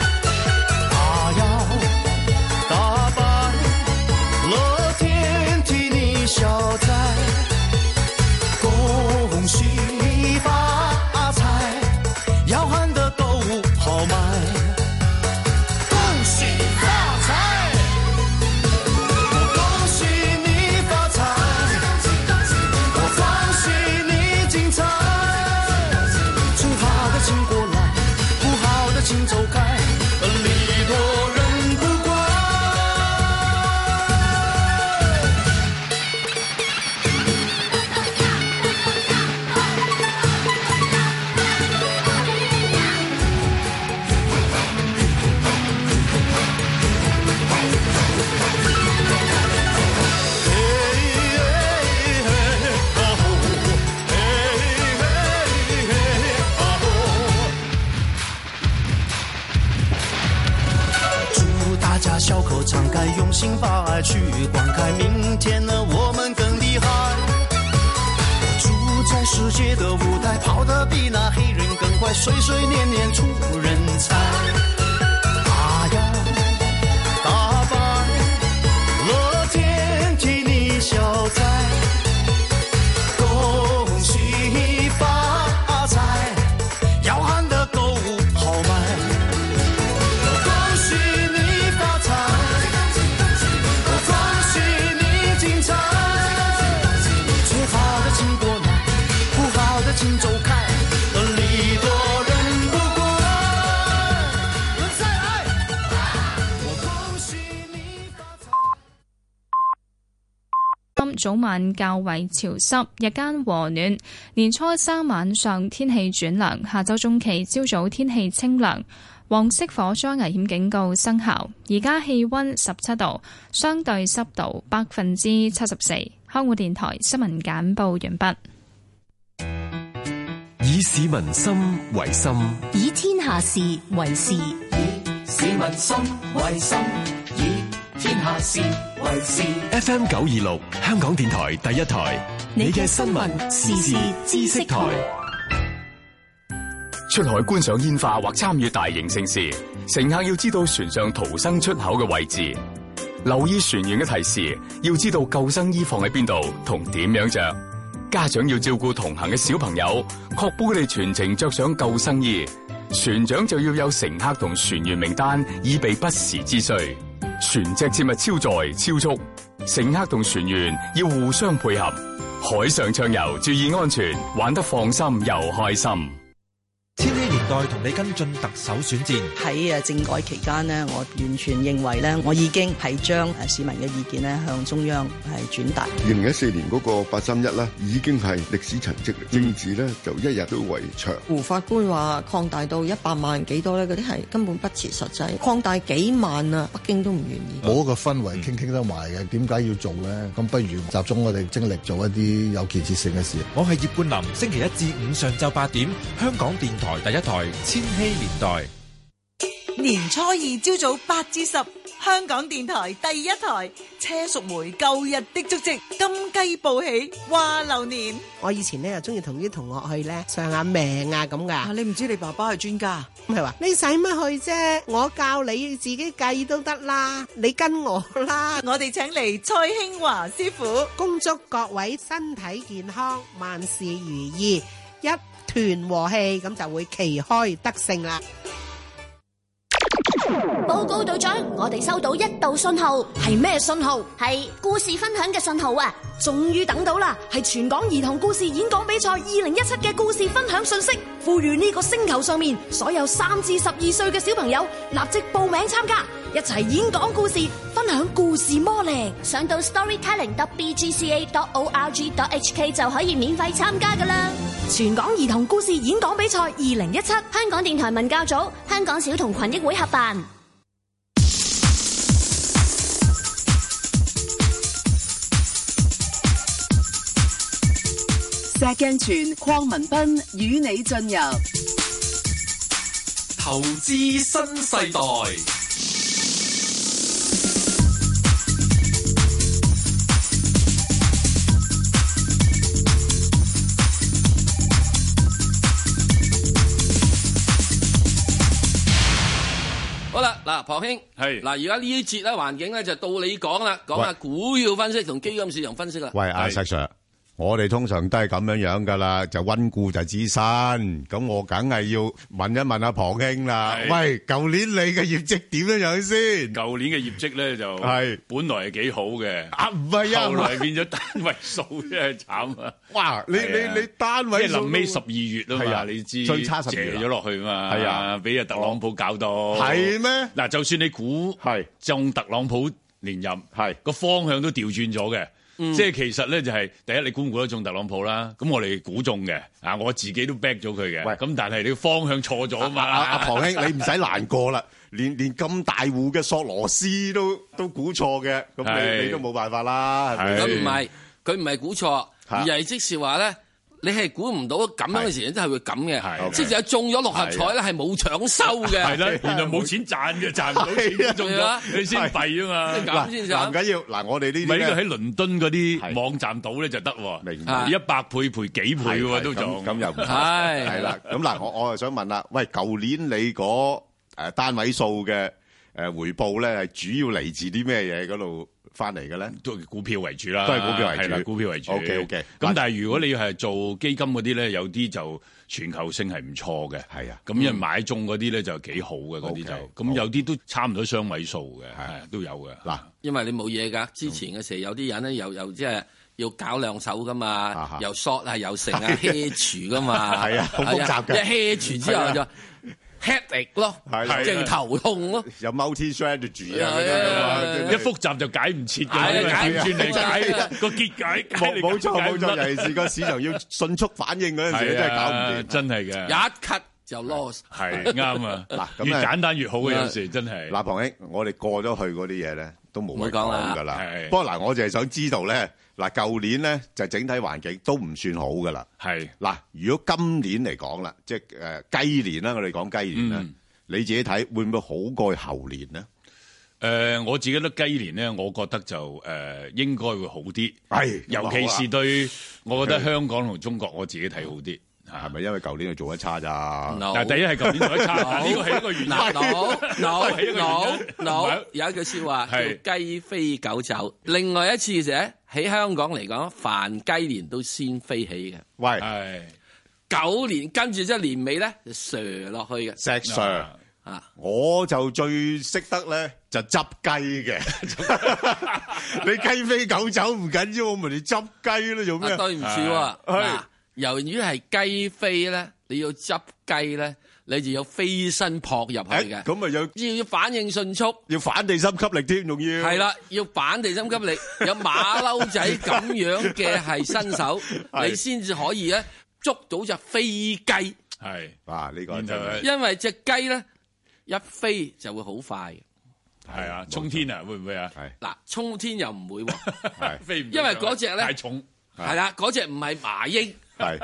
去觀看明天的我們更厲害。我住在世界的舞台，跑得比那黑人更快，歲歲年年出。早晚較為潮濕，日間和暖。年初三晚上天氣轉涼，下周中期朝早天氣清涼。黃色火災危險警告生效。而家氣溫十七度，相對濕度百分之七十四。香港電台新聞簡報完畢。以市民心為心，以天下事為事。以市民心為心。FM 九二六香港電台第一台，你嘅新聞時事知識台。出海觀賞煙花或參與大型盛事，乘客要知道船上逃生出口嘅位置，留意船員嘅提示，要知道救生衣放喺邊度同點樣着。家長要照顧同行嘅小朋友，確保佢哋全程着上救生衣。船長就要有乘客同船員名單，以備不時之需。船隻切勿超載超速，乘客同船員要互相配合。海上暢遊，注意安全，玩得放心又開心。千禧年代同你跟進特首選戰喺誒政改期間呢，我完全認為咧，我已經係將誒市民嘅意見咧向中央係轉達。二零一四年嗰個八三一咧，已經係歷史陳跡，政治咧就一日都圍牆。胡法官話擴大到一百萬幾多咧？嗰啲係根本不切實際，擴大幾萬啊，北京都唔願意。冇一個氛圍傾、嗯、傾得埋嘅，點解要做咧？咁不如集中我哋精力做一啲有建設性嘅事。我係葉冠林，星期一至五上晝八點，香港電台。第一台千禧年代，年初二朝早八至十，香港電台第一台車淑梅，舊日的足跡，金雞報喜，話流年。我以前呢又中意同啲同學去呢，上下命啊咁噶。你唔知你爸爸係專家，唔係話你使乜去啫？我教你自己計都得啦，你跟我啦。我哋請嚟蔡興華師傅，恭祝各位身體健康，萬事如意。一團和氣，咁就會旗開得勝啦！報告隊長，我哋收到一道信號，係咩信號？係故事分享嘅信號啊！終於等到啦，係全港兒童故事演講比賽二零一七嘅故事分享信息，呼籲呢個星球上面所有三至十二歲嘅小朋友立即報名參加，一齊演講故事，分享故事魔力。上到 storytelling.bgca.org.hk 就可以免費參加噶啦！全港兒童故事演講比賽二零一七，香港電台文教組、香港小童群益會合辦。石鏡泉、鄺文斌與你進入投資新世代。好啦，嗱，龐兄係嗱，而家呢一節咧，環境咧就到你講啦，講下股票分析同基金市場分析啦。喂，阿、啊、Sir。我哋通常都係咁樣樣噶啦，就溫故就知新。咁我梗係要問一問阿龐兄啦。喂，舊年你嘅業績點樣樣先？舊年嘅業績咧就係本來係幾好嘅，啊唔係，後來變咗單位數真係慘啊！哇，你你你單位，即係臨尾十二月啊嘛，你知最差十二月咗落去嘛，係啊，俾阿特朗普搞到係咩？嗱，就算你估係中特朗普連任，係個方向都調轉咗嘅。即係其實咧，就係第一你估唔估得中特朗普啦，咁我哋估中嘅，啊我自己都 back 咗佢嘅。喂，咁但係你方向錯咗啊嘛。阿阿龐兄，你唔使難過啦，連連咁大戶嘅索羅斯都都估錯嘅，咁你你都冇辦法啦。咁唔係佢唔係估錯，而係即是話咧。你係估唔到咁樣嘅時，真係會咁嘅，係。即係仲有中咗六合彩咧，係冇搶收嘅。係啦，原來冇錢賺嘅，賺唔到錢，仲要啊，你先弊啊嘛。嗱，咁先就。嗱，唔緊要嗱，我哋呢啲，咪喺倫敦嗰啲網站度咧就得喎。明白，一百倍賠幾倍喎都仲。咁又唔係。係。係啦，咁嗱，我我係想問啦，喂，舊年你嗰誒單位數嘅誒回報咧，係主要嚟自啲咩嘢嗰度？返嚟嘅咧，都係股票為主啦，都係股票為主，係啦，股票為主。O K O K。咁但係如果你係做基金嗰啲咧，有啲就全球性係唔錯嘅，係啊。咁因為買中嗰啲咧就幾好嘅，嗰啲就，咁、OK, 有啲都差唔多雙位數嘅，係、OK, 啊、都有嘅。嗱，因為你冇嘢噶，之前嘅時候有啲人咧又又即係要搞兩手噶嘛哈哈，又 short 啊又成啊，啊 h e 嘛，係 [laughs] 啊，好複雜嘅。一 heal 之後就。headache 咯，係即頭痛咯，有 multi-strategy 啊，一複雜就解唔切嘅，解算嚟，解個結解，冇錯冇錯，尤其是個市場要迅速反應嗰陣時，真係搞唔掂，真係嘅一 cut 就 loss，係啱啊，嗱越簡單越好嘅有時真係，嗱龐兄，我哋過咗去嗰啲嘢咧都冇乜講噶啦，不過嗱，我就係想知道咧。嗱，舊年咧就整體環境都唔算好噶啦，係。嗱，如果今年嚟講啦，即係誒雞年啦，我哋講雞年啦、嗯，你自己睇會唔會好過猴年咧？誒、呃，我自己都雞年咧，我覺得就誒、呃、應該會好啲，係，尤其是對我覺得香港同中國，我自己睇好啲。係咪因為舊年佢做得差咋？嗱，第一係舊年做得差，呢個係一個原因。好，好，好，好，有一句說話係雞飛狗走。另外一次者喺香港嚟講，凡雞年都先飛起嘅。喂，係九年，跟住即係年尾咧就蛇落去嘅石蛇。啊，我就最識得咧就執雞嘅。你雞飛狗走唔緊要，我咪你執雞咯，做咩？對唔住喎。由於係雞飛咧，你要執雞咧，你就要飛身撲入去嘅。咁咪要要反應迅速，要反地心吸力添，仲要。係啦，要反地心吸力，有馬騮仔咁樣嘅係新手，你先至可以咧捉到隻飛雞。係，哇！呢個就因為隻雞咧一飛就會好快嘅。係啊，沖天啊，會唔會啊？嗱，沖天又唔會喎，飛唔到。因為嗰隻咧太重，係啦，嗰隻唔係麻鷹。係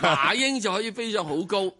馬英就可以飛上好高，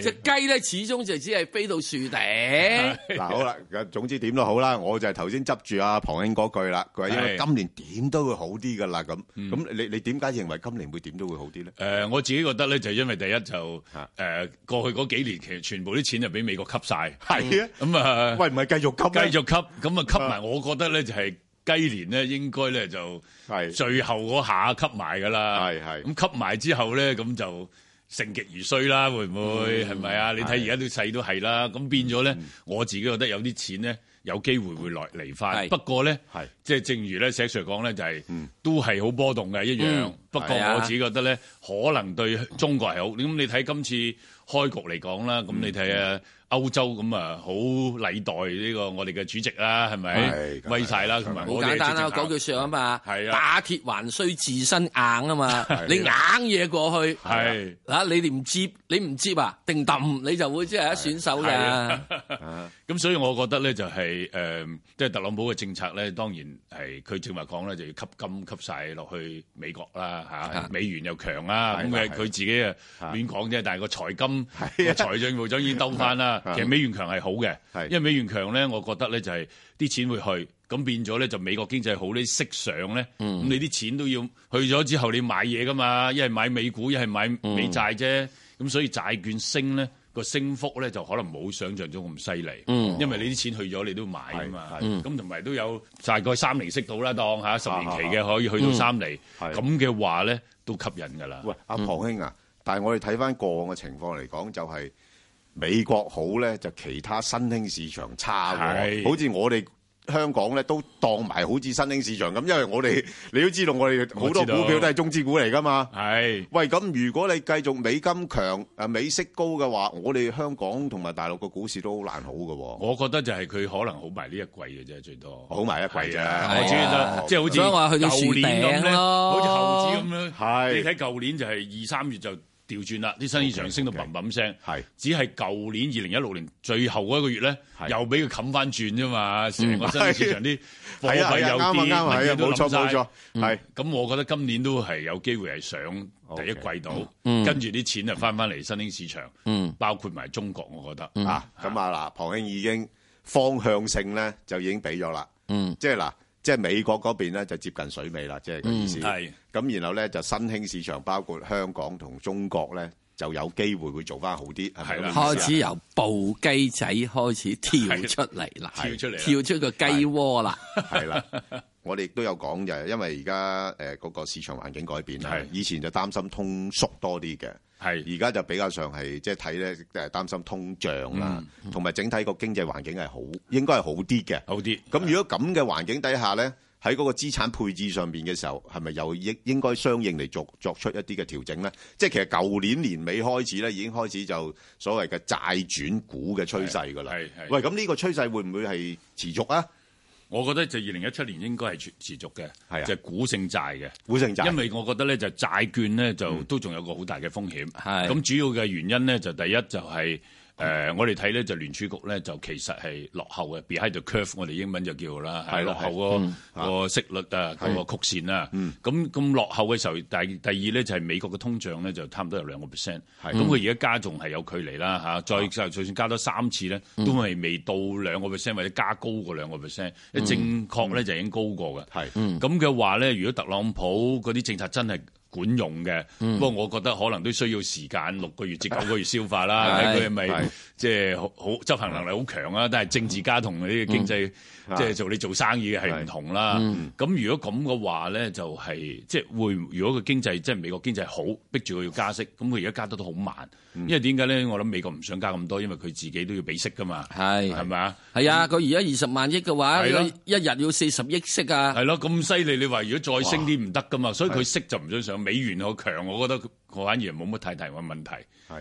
隻雞咧始終就只係飛到樹頂。嗱，好啦，總之點都好啦，我就係頭先執住阿龐兄嗰句啦，佢話因為今年點都會好啲噶啦。咁咁你你點解認為今年會點都會好啲咧？誒，我自己覺得咧就因為第一就誒過去嗰幾年其實全部啲錢就俾美國吸晒，係啊，咁啊喂唔係繼續吸，繼續吸，咁啊吸埋，我覺得咧就係。雞年咧，應該咧就係最後嗰下吸埋㗎啦。係係。咁吸埋之後咧，咁就盛極而衰啦。會唔會係咪啊？你睇而家啲勢都係啦。咁變咗咧，我自己覺得有啲錢咧，有機會會來嚟翻。不過咧，即係正如咧，石 Sir 講咧，就係都係好波動嘅一樣。不過我自己覺得咧，可能對中國係好。咁你睇今次開局嚟講啦，咁你睇啊。歐洲咁啊，好禮待呢個我哋嘅主席啦，係咪？威晒啦，同埋好簡單啦，講句說話啊嘛，係啊，打鐵還需自身硬啊嘛，你硬嘢過去係，你唔接，你唔接啊，定揼，你就會即係一損手嘅。咁 [laughs] 所以我覺得咧、就是，就係誒，即係特朗普嘅政策咧，當然係佢正話講咧，就要吸金吸晒落去美國啦，吓、啊、美元又強啦。咁嘅佢自己啊亂講啫，但係個財金、個財政部長已經兜翻啦。 [laughs] 嗯、其實美元強係好嘅，因為美元強咧，我覺得咧就係、是、啲錢會去，咁變咗咧就美國經濟好你息上咧，咁、嗯、你啲錢都要去咗之後，你買嘢噶嘛，一係買美股，一係買美債啫，咁、嗯、所以債券升咧、那個升幅咧就可能冇想象中咁犀利，因為你啲錢去咗，你都買噶嘛，咁同埋都有大概三厘息到啦，當下十年期嘅可以去到三厘，咁、嗯、嘅話咧都吸引噶啦。喂，阿、啊、龐兄啊，嗯、但係我哋睇翻過往嘅情況嚟講，就係、是。美國好咧，就其他新興市場差嘅。好似我哋香港咧，都當埋好似新興市場咁，因為我哋，你都知道我哋好多股票都係中資股嚟噶嘛。係。喂，咁如果你繼續美金強、美息高嘅話，我哋香港同埋大陸個股市都好難好喎。我覺得就係佢可能好埋呢一季嘅啫，最多好埋一季啫。我主要就即、係、係好似去年咁好似舊年咁樣係。你睇舊年就係二三月就。調轉啦，啲新興市場升到砰砰聲，係、okay, okay, 只係舊年二零一六年最後嗰一個月咧，又俾佢冚翻轉啫嘛，成個新興市場啲貨幣有啲風險都冧晒，係咁，冇錯嗯冇錯嗯，我覺得今年都係有機會係上第一季度，跟住啲錢就翻翻嚟新興市場，嗯，包括埋中國，我覺得、嗯、啊，咁啊嗱，龐兄已經方向性咧就已經俾咗啦，嗯，即係嗱，即、就、係、是、美國嗰邊咧就接近水尾啦，即、嗯、係、就是、個意思，係。咁然後咧就新興市場，包括香港同中國咧，就有機會會做翻好啲。係啦，開始由布雞仔開始跳出嚟啦，跳出嚟，跳出個雞窩啦。係啦 [laughs] 我哋亦都有講嘅，因為而家嗰個市場環境改變啦。以前就擔心通縮多啲嘅，而家就比較上係即係睇咧誒擔心通脹啦，同、嗯、埋整體個經濟環境係好，應該係好啲嘅。好啲。咁如果咁嘅環境底下咧，喺嗰個資產配置上邊嘅時候，係咪又應應該相應嚟作作出一啲嘅調整咧？即係其實舊年年尾開始咧，已經開始就所謂嘅債轉股嘅趨勢噶啦。係係。喂，咁呢個趨勢會唔會係持續啊？我覺得就二零一七年應該係持續嘅，係、啊、就係、股性債嘅股性債。因為我覺得咧就債券咧就都仲有一個好大嘅風險。係咁主要嘅原因咧就第一就係、係。誒、呃，我哋睇咧就聯儲局咧就其實係落後嘅，behind the curve，我哋英文就叫啦，係落後個、嗯嗰個息率啊，嗰個曲線啦，咁咁落後嘅時候，第第二咧就係、是、美國嘅通脹咧就差唔多有兩個 percent，咁佢而家加仲係有距離啦、啊、嚇、啊，再就就算加多三次咧、嗯，都係未到兩個 percent 或者加高過兩個 percent，正確咧、嗯、就已經高過嘅，咁嘅話咧，如果特朗普嗰啲政策真係，管用嘅，不過我覺得可能都需要時間六個月至九個月消化啦。睇佢係咪即係好執行能力好強啊？但係政治家同嗰啲經濟。嗯即、啊、係、即係、做你做生意嘅係唔同啦。咁、嗯、如果咁嘅話咧，就係、是、即係會。如果個經濟即係美國經濟好，逼住佢要加息，咁佢而家加得都好慢、嗯。因為點解咧？我諗美國唔想加咁多，因為佢自己都要俾息噶嘛。係係咪啊？係啊！佢而家二十萬億嘅話，一日要四十億息啊！係咯、啊，咁犀利！你話如果再升啲唔得噶嘛，所以佢息就唔想上美元好強。我覺得。我反而冇乜太大個問題，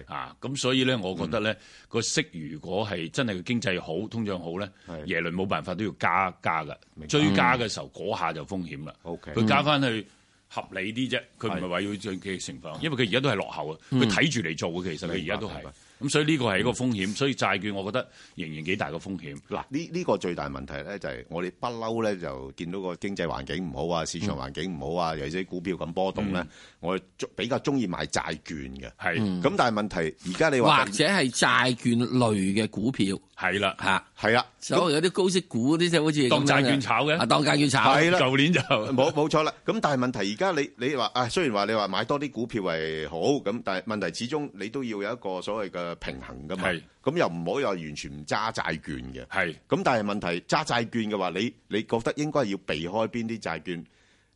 啊，咁所以咧，我覺得咧，個、嗯、息如果係真係經濟好、通脹好咧，耶倫冇辦法都要加加㗎，追加嘅時候嗰下就風險啦。佢、嗯、加翻去合理啲啫，佢唔係為要嘅情況，是因為佢而家都係落後啊，佢睇住嚟做嘅，其實佢而家都係。咁所以呢個係一個風險，嗯，所以債券我覺得仍然幾大個風險。嗱，呢、這、呢個最大問題咧就係我哋不嬲咧就見到個經濟環境唔好啊，市場環境唔好啊，嗯，尤其是股票咁波動咧，嗯，我比較中意買債券嘅。係，嗯，咁但係問題而家你話或者係債券類嘅股票。係啦，吓係啦，所以有啲高息股啲即係好似當債券炒嘅，啊，當債券炒，係啦。舊年就冇冇錯啦。咁但係問題而家你你話啊，雖然話你話買多啲股票係好，咁但係問題始終你都要有一個所謂嘅平衡噶嘛。係，咁又唔好又完全唔揸債券嘅。係咁但係問題揸債券嘅話，你你覺得應該要避開邊啲債券？誒、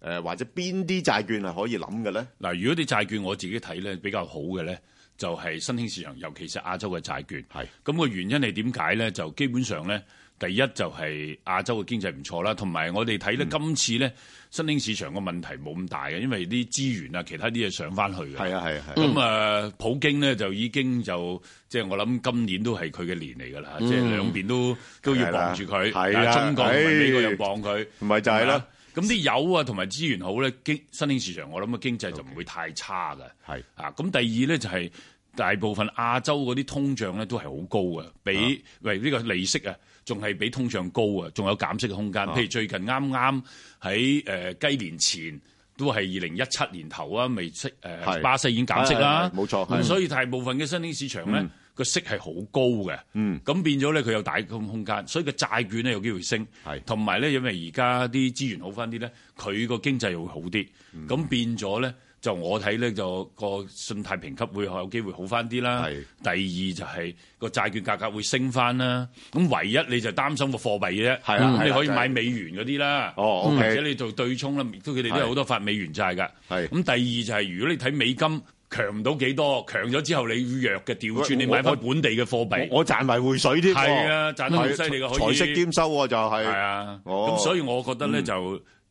呃、或者邊啲債券係可以諗嘅咧？嗱，如果啲債券我自己睇咧比較好嘅咧。就係、是、新興市場，尤其是亞洲嘅債券。係咁、那個原因係點解咧？就基本上咧，第一就係亞洲嘅經濟唔錯啦，同埋我哋睇咧今次咧，新興市場個問題冇咁大嘅，因為啲資源啊，其他啲嘢上翻去嘅。係啊係啊，咁啊，啊、啊，普京咧就已經就即係、就是、我諗今年都係佢嘅年嚟㗎啦，即、嗯、係、就是、兩邊都、嗯、都要望住佢，但中國呢美國又望佢，唔係、啊、就係啦。咁啲油啊，同埋資源好咧，經新興市場我諗嘅經濟就唔會太差嘅。係啊，咁第二咧就係大部分亞洲嗰啲通脹咧都係好高嘅，比、啊、喂呢、呢個利息啊，仲係比通脹高啊，仲有減息嘅空間。譬、啊、如最近啱啱喺誒雞年前都係二零一七年頭啊，未息誒，巴西已經減息啦，冇錯。所以大部分嘅新興市場咧。嗯個息係好高嘅，咁、嗯、變咗咧佢有大個空間，所以個債券咧有機會升，同埋咧因為而家啲資源好翻啲咧，佢個經濟又會好啲，咁、嗯、變咗咧就我睇咧就個信貸評級會有機會好翻啲啦。第二就係、是、個債券價格會升翻啦。咁唯一你就擔心個貨幣嘅啫，啊啊、你可以買美元嗰啲啦，或者你做對沖啦，亦都佢哋都有好多發美元債㗎。咁第二就係、是、如果你睇美金。強唔到幾多？強咗之後，你弱嘅調轉，你買翻本地嘅貨幣，我，我，我賺埋匯水啲。係啊，賺得犀利嘅可以。財息兼收喎、就是，就係。啊，咁所以我覺得咧、嗯，就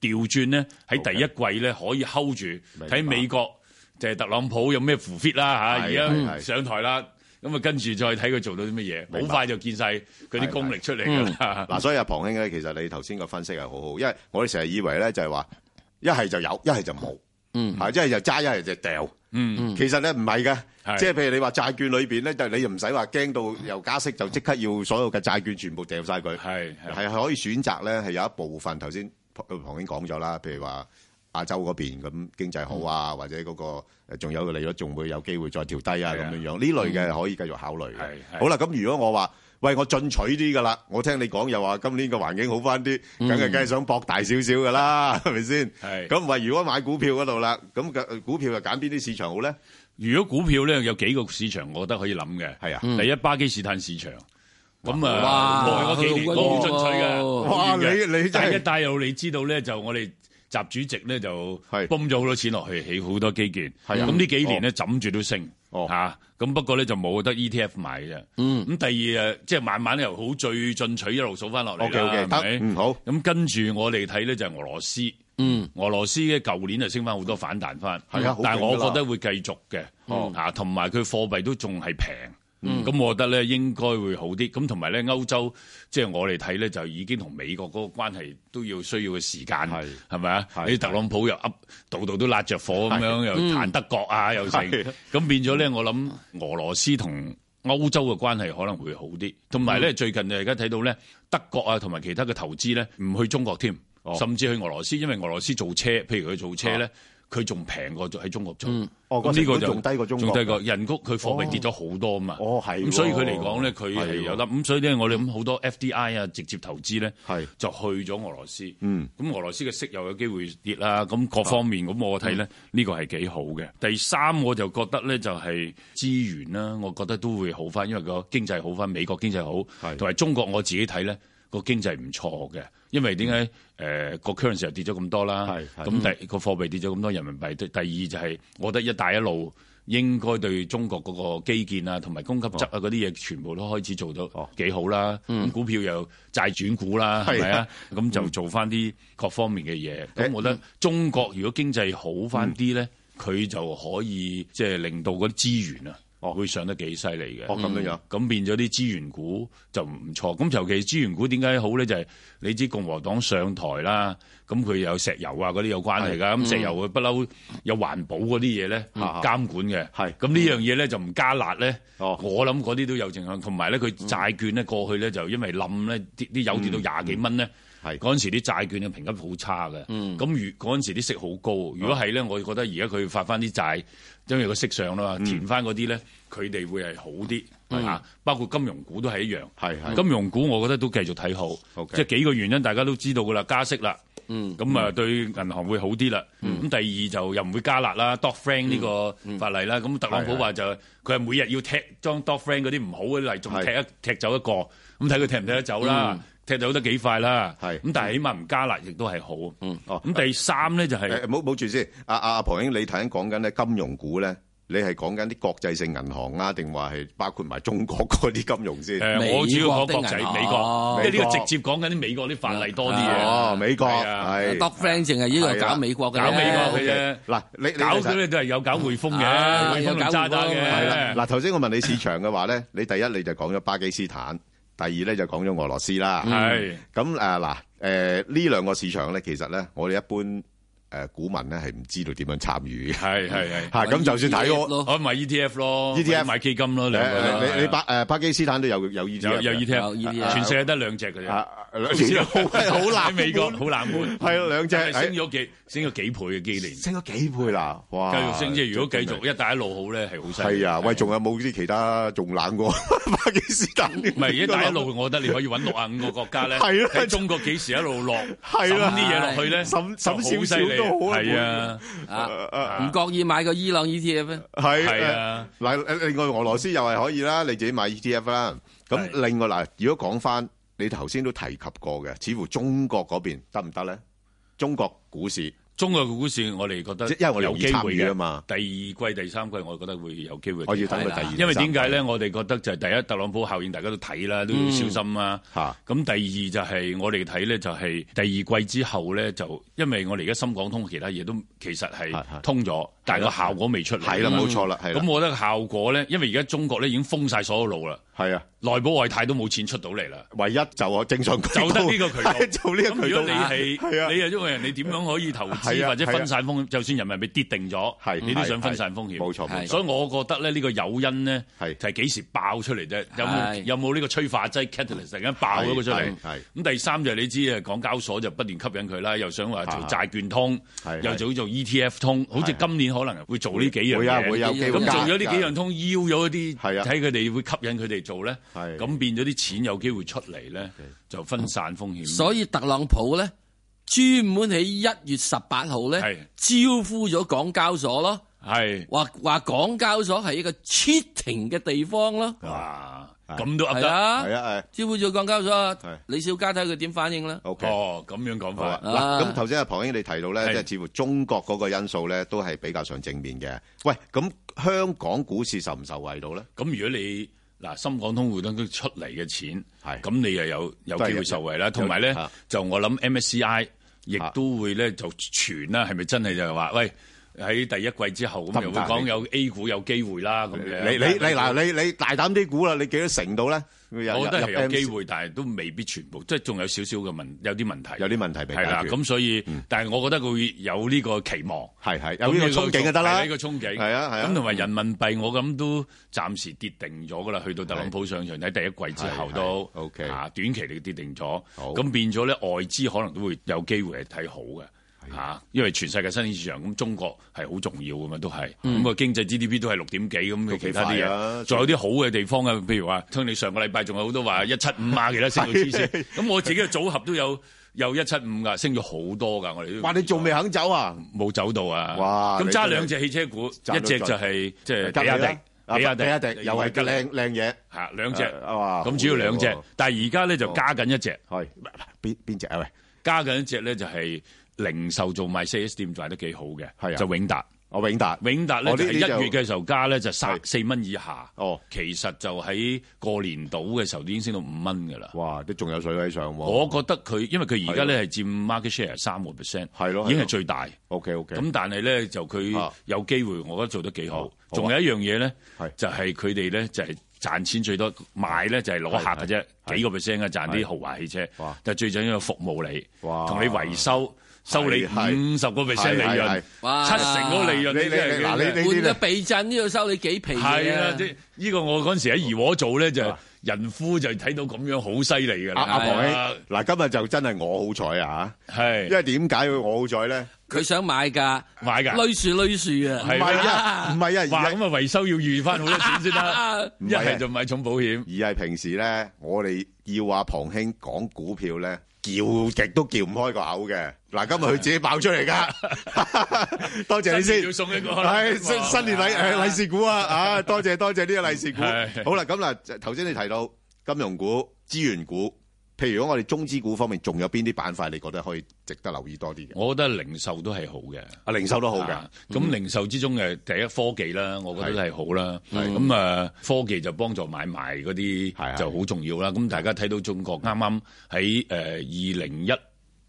調轉咧，喺第一季咧、okay. 可以 hold 住，睇美國就係、是、特朗普有咩 fit 啦吓，而家上台啦，咁啊跟住再睇佢做到啲乜嘢，好快就見晒佢啲功力出嚟㗎啦。嗱， [laughs] 所以阿龐兄咧，其實你頭先個分析係好好，因為我哋成日以為咧就係話一係就有一係就冇。嗯，係，即係就揸一係就掉。嗯嗯，其實咧唔係嘅，即係譬如你話債券裏邊咧，就你又唔使話驚到由加息就即刻要所有嘅債券全部掉曬佢。係係，係可以選擇咧，係有一部分頭先佢旁邊講咗啦，譬如話。亞洲嗰邊咁經濟好啊，嗯、或者嗰、嗰個仲有個利率仲會有機會再調低啊咁樣樣呢類嘅可以繼續考慮，嗯。好啦，咁如果我話喂，我進取啲噶啦，我聽你講又話今年個環境好翻啲，梗係梗係想博大少少噶啦，係咪先？係咁，話如果買股票嗰度啦，咁股票又揀邊啲市場好咧？如果股票咧有幾個市場，我覺得可以諗嘅。係啊、嗯，第一巴基斯坦市場。咁啊，我幾年好進取嘅。哇，啊、哇哇你你第一大入你知道咧，就我哋。習主席咧就泵咗好多錢落去，起好多基建。係啊，咁呢幾年咧枕住都升。嗯、哦，吓咁不過咧就冇得 E T F 買嘅。嗯，咁第二誒，即、就、係、是、慢慢又好最進取一路數翻落嚟啦，係咪？嗯，好。咁跟住我哋睇咧就係俄羅斯。嗯，俄羅斯嘅舊年就升翻好多反彈，反彈翻。係啊，但係我覺得會繼續嘅。吓、嗯，同埋佢貨幣都仲係平。嗯，咁我覺得咧、嗯、應該會好啲，咁同埋咧歐洲，即、就、係、是、我哋睇咧就已經同美國嗰個關係都要需要嘅時間，係咪啊？特朗普又噏，度度都辣着火咁樣，又彈德國啊，嗯、又成。咁變咗咧，我諗、嗯、俄羅斯同歐洲嘅關係可能會好啲，同埋咧最近就而家睇到咧德國啊，同埋其他嘅投資咧唔去中國添、哦，甚至去俄羅斯，因為俄羅斯做車，譬如佢做車咧。啊佢仲平過喺中國做、嗯，咁、嗯、呢、哦、個就仲低過中國。低過人工佢貨幣跌咗好多嘛，哦，咁、嗯嗯、所以佢嚟講咧，佢係有得。咁、嗯、所以咧，我哋咁好多 FDI 啊，直接投資咧，就去咗俄羅斯。咁、嗯、俄羅斯嘅石油有機會跌啦，咁各方面咁、嗯、我睇咧呢個係幾好嘅。第三我就覺得咧就係資源啦，我覺得都會好翻，因為個經濟好翻，美國經濟好，同埋中國我自己睇咧個經濟唔錯嘅。因為點解誒個 currency 又跌咗咁多啦，咁第個貨幣跌咗咁多人民幣、嗯，第二就係我覺得一帶一路應該對中國嗰個基建啊，同埋供給側啊嗰啲嘢，全部都開始做到幾好啦。哦哦嗯、股票又債轉股啦，係咪啊？咁、嗯、 [laughs] 就做翻啲各方面嘅嘢。咁、嗯、我覺得中國如果經濟好翻啲咧，佢、嗯、就可以即係令到嗰啲資源啊。哦，會上得幾犀利嘅？咁、哦、咁、嗯、變咗啲資源股就唔錯。咁尤其資源股點解好咧？就係、是、你知共和黨上台啦，咁佢有石油啊嗰啲有，、啊、有關係㗎。咁、嗯、石油佢不嬲有環保嗰啲嘢咧，監管嘅。咁呢樣嘢咧就唔加辣咧。哦，我諗嗰啲都有影響，同埋咧，佢債券咧過去咧就因為冧咧啲啲油跌到廿幾蚊咧。嗰、嗯、陣、嗯、時啲債券嘅評級好差嘅。咁如嗰陣時啲息好高、嗯。如果係咧，我覺得而家佢發翻啲債。因為個息上啦嘛，填翻嗰啲咧，佢、嗯、哋會係好啲嚇、嗯，包括金融股都係一樣。係係，金融股我覺得都繼續睇好。Okay. 即係幾個原因大家都知道噶啦，加息啦，咁、嗯、啊對銀行會好啲啦。咁、嗯、第二就又唔會加辣啦 Dodd Frank 呢個法例啦。咁、嗯嗯、特朗普話就佢係每日要踢將 Dodd Frank 嗰啲唔好嗰啲例，仲踢一踢走一個，咁睇佢踢唔踢得走啦、嗯。踢走得幾快啦？係咁，但係起碼唔加辣亦都係好。嗯，哦，咁第三咧就係唔好唔好住先。阿阿阿婆英，你頭先講緊咧金融股咧，你係講緊啲國際性銀行啊，定話係包括埋中國嗰啲金融先？誒，我主要講國際美國，即係呢個直接講緊啲美國啲法例多啲嘢。哦，美國啊，係。多 friend 淨係依個搞美國嘅，搞美國嘅啫。嗱，你搞咁你都係有搞匯豐嘅，匯豐都揸得嘅。係啦，嗱，頭先我問你市場嘅話咧，你第一你就講咗巴基斯坦。第二咧就講咗俄羅斯啦，係咁。誒嗱誒呢兩個市場咧，其實咧我哋一般。誒，股民咧係唔知道點樣參與，係係係，吓咁、嗯、就算睇我，我、啊、買 E T F 咯，E T F 買基金咯，你咯、啊啊、你、啊、你巴誒、啊、巴基斯坦都有有 E 有、啊、有 E T F，啊、全世界得兩隻嘅啫，好難，美國好難搬，係、啊、咯兩,兩隻， [laughs] 啊 [laughs] 啊、兩隻 [laughs] 升咗幾、哎、升咗幾、幾倍嘅幾年，升咗幾倍啦，哇，繼續升啫，如果繼續一帶一路好咧，係好犀利，係啊，喂，仲有冇啲其他仲冷過巴基斯坦？唔係一帶一路，我覺得你可以搵六啊五個國家咧，喺中國幾時一路落，沈啲嘢落去咧，沈沈少少。係啊，唔覺意買個伊朗 ETF 咧，係啊。嗱，另外俄羅斯又係可以啦，你自己買 ETF 啦。咁另外嗱，如果講翻你頭先都提及過嘅，似乎中國嗰邊得唔得咧？中國股市。中國嘅股市，我哋覺得，因為我哋有參與啊嘛。第二季、第三季，我覺得會有機會。我要等佢第二、第三季。因為點解咧？我哋覺得就係第一，特朗普效應大家都睇啦，都要小心啦。咁、嗯啊、第二就係、是、我哋睇咧，就係第二季之後咧，就因為我哋而家深港通其他嘢都其實係通咗，但係個效果未出嚟。係啦，冇、嗯、錯啦。咁我覺得效果咧，因為而家中國咧已經封晒所有路啦。係啊，內保外貸都冇錢出到嚟啦，唯一就我正常，就得呢個渠道，做呢、啊、個渠道。如果你係、啊，你係因為人哋點樣可以投資、啊啊、或者分散風險？啊啊、就算人民幣跌定咗、啊，你都想分散風險。冇、啊啊、錯、啊，所以我覺得咧，呢個誘因咧，係幾、啊、時爆出嚟啫？有有冇呢、啊、個催化劑 catalyst、啊啊、突然爆咗佢出嚟？咁、啊啊、第三就係你知啊，港交所就不斷吸引佢啦，又想話做債券通、啊啊，又做做 ETF 通，好似、啊、今年可能會做呢幾樣嘢。會會啊會啊、會有咁做咗呢幾樣通，邀咗、啊、一啲睇佢哋會吸引佢哋。做咧，咁變咗啲錢有機會出嚟咧，就分散風險。所以特朗普咧專門喺一月十八號咧招呼咗港交所咯，係話話港交所係一個 cheating 嘅地方咯。哇，咁都得啊！係啊，係招呼咗港交所。李小加睇佢點反應啦。哦，咁樣講法。嗱，咁頭先阿龐兄你提到咧，即係似乎中國嗰個因素咧都係比較上正面嘅。喂，咁香港股市受唔受惠到咧？咁如果你嗱、啊，深港通會都出嚟嘅錢，咁你又有有機會受惠啦。同埋咧，就我諗 MSCI 亦都會咧、啊、就傳啦，係咪真係就係話，喂喺第一季之後咁又會講有 A 股有機會啦咁樣。你你你嗱你你，你，你大膽啲估啦，你幾多成度咧？我覺得係有機會，但係都未必全部，即係仲有少少嘅問，有啲問題，有啲問題未解決啦咁、啊、所以，嗯、但係我覺得佢會有呢個期望，係係有呢、這個、嗯嗯嗯這個、憧憬就得啦。呢、嗯這個憧憬係啊係啊。咁同埋人民幣，我咁都暫時跌定咗㗎啦。去到特朗普上場喺第一季之後都 OK 短期嚟跌定咗，咁、okay 啊、變咗咧外資可能都會有機會係睇好嘅。吓、啊，因為全世界新市場咁，中國係好重要噶嘛，都係咁個經濟 GDP 都係六點幾咁，其他啲嘢，仲有啲好嘅地方啊，譬如話，聽你上個禮拜仲有好多話一七五啊，其他升到黐線，咁我自己嘅組合都有有一七五噶，升咗好多噶，我哋都話你仲未肯走啊？冇走到啊！哇！咁揸兩隻汽車股，一隻就係即係比亞迪，比亞迪又係架靚靚嘢，吓，兩隻咁，主要兩隻，但係而家咧就加緊一隻，係邊邊隻啊？喂、啊，加緊一隻咧就係。零售做埋四 S 店做埋得幾好嘅，係啊，就永達，我、哦、永達，永達咧一月嘅時候加咧就三四蚊以下，哦，其實就喺過年度嘅時候已經升到五蚊㗎啦。哇，啲仲有水位上喎。我覺得佢因為佢而家咧係佔 market share 三個 percent，係咯，已經係最大。OK OK。咁但係咧就佢有機會，我覺得做得幾好。仲、啊、有一樣嘢咧，就係佢哋咧就係賺錢最多，買咧就係攞客㗎啫，幾個 percent 嘅賺啲豪華汽車，但係最緊要服務你，同你維修。收你五十個 percent 利潤，七成嗰利潤你嘢嘅，換避、呢個避震都要收你幾皮嘅。係啊，呢、呢個我嗰陣時喺怡和做咧就係、人夫就睇到咁樣好犀利嘅啦。阿阿嗱今日就真係我好彩啊嚇，因為點解會我好彩咧？佢想買㗎，買㗎，累樹累樹啊，係啊，唔係啊，哇，咁啊維修要預翻好多錢先得，一、啊、係、啊、就買重保險，二係平時咧我哋要話龐兄講股票咧。叫極都叫唔開個口嘅，嗱，今日佢自己爆出嚟噶，多謝你先，要送一個，係新新年禮，誒利是股啊，啊，多謝多謝呢個利是股，好啦，咁嗱，頭先你提到金融股、資源股。譬如果我哋中資股方面仲有邊啲板塊，你覺得可以值得留意多啲嘅？我覺得零售都係好嘅，啊零售都好嘅。咁、啊嗯、零售之中嘅第一科技啦，我覺得係好啦。咁啊、嗯、科技就幫助買賣嗰啲就好重要啦。咁大家睇到中國啱啱喺誒二零一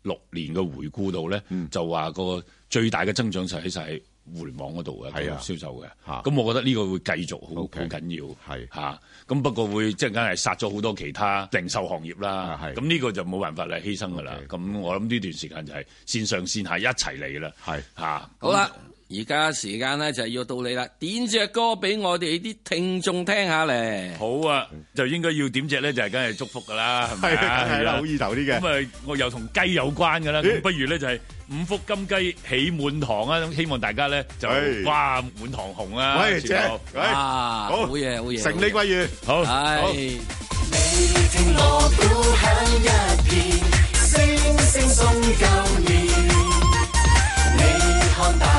六年嘅回顧度咧、嗯，就話個最大嘅增長實其實係互聯網嗰度嘅銷售嘅，咁、啊、我覺得呢個會繼續好好緊要，嚇，咁不過會即係梗係殺咗好多其他零售行業啦，咁呢個就冇辦法嚟犧牲噶啦，咁、okay，我諗呢段時間就係線上線下一齊嚟啦，嚇，好啦。而家時間咧就係要到你啦，點隻歌俾我哋啲聽眾聽下咧。好啊，就應該要點隻咧就係梗係祝福噶啦，係咪？係啦，好意頭啲嘅。咁啊，我又同雞有關噶啦，不如咧就係五福金雞喜滿堂啊！希望大家咧就哇滿堂紅啊！喂啊，好，好嘢，好嘢，成年桂圓，好，好。你聽鑼鼓響一片，聲聲送舊年，你看。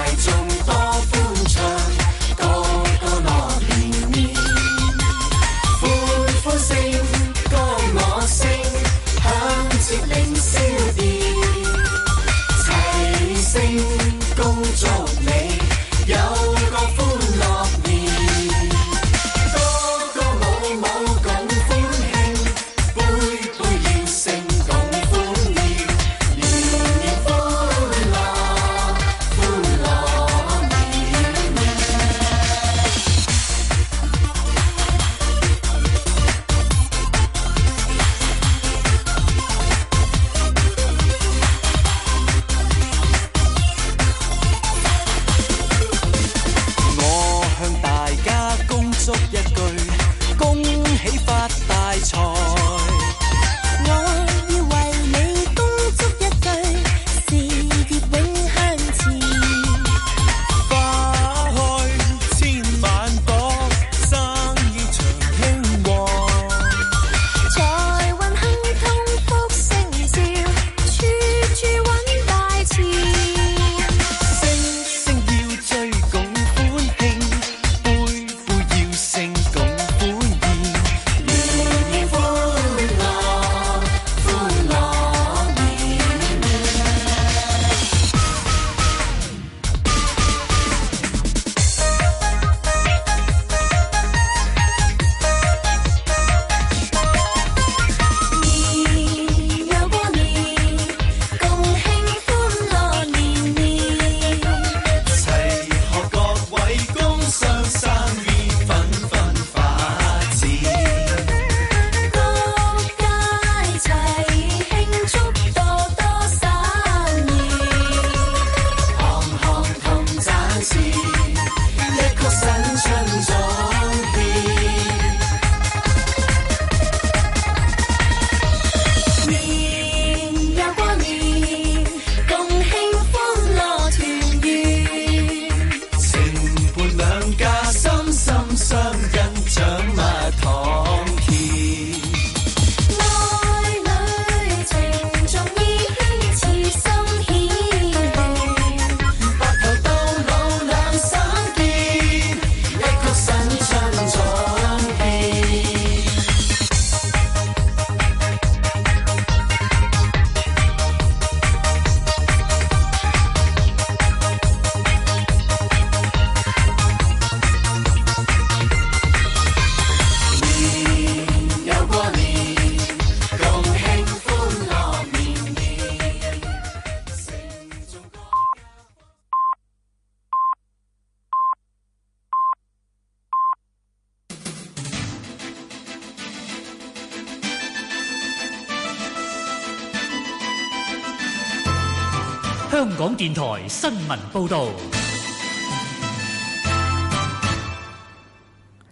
香港電台新聞報道。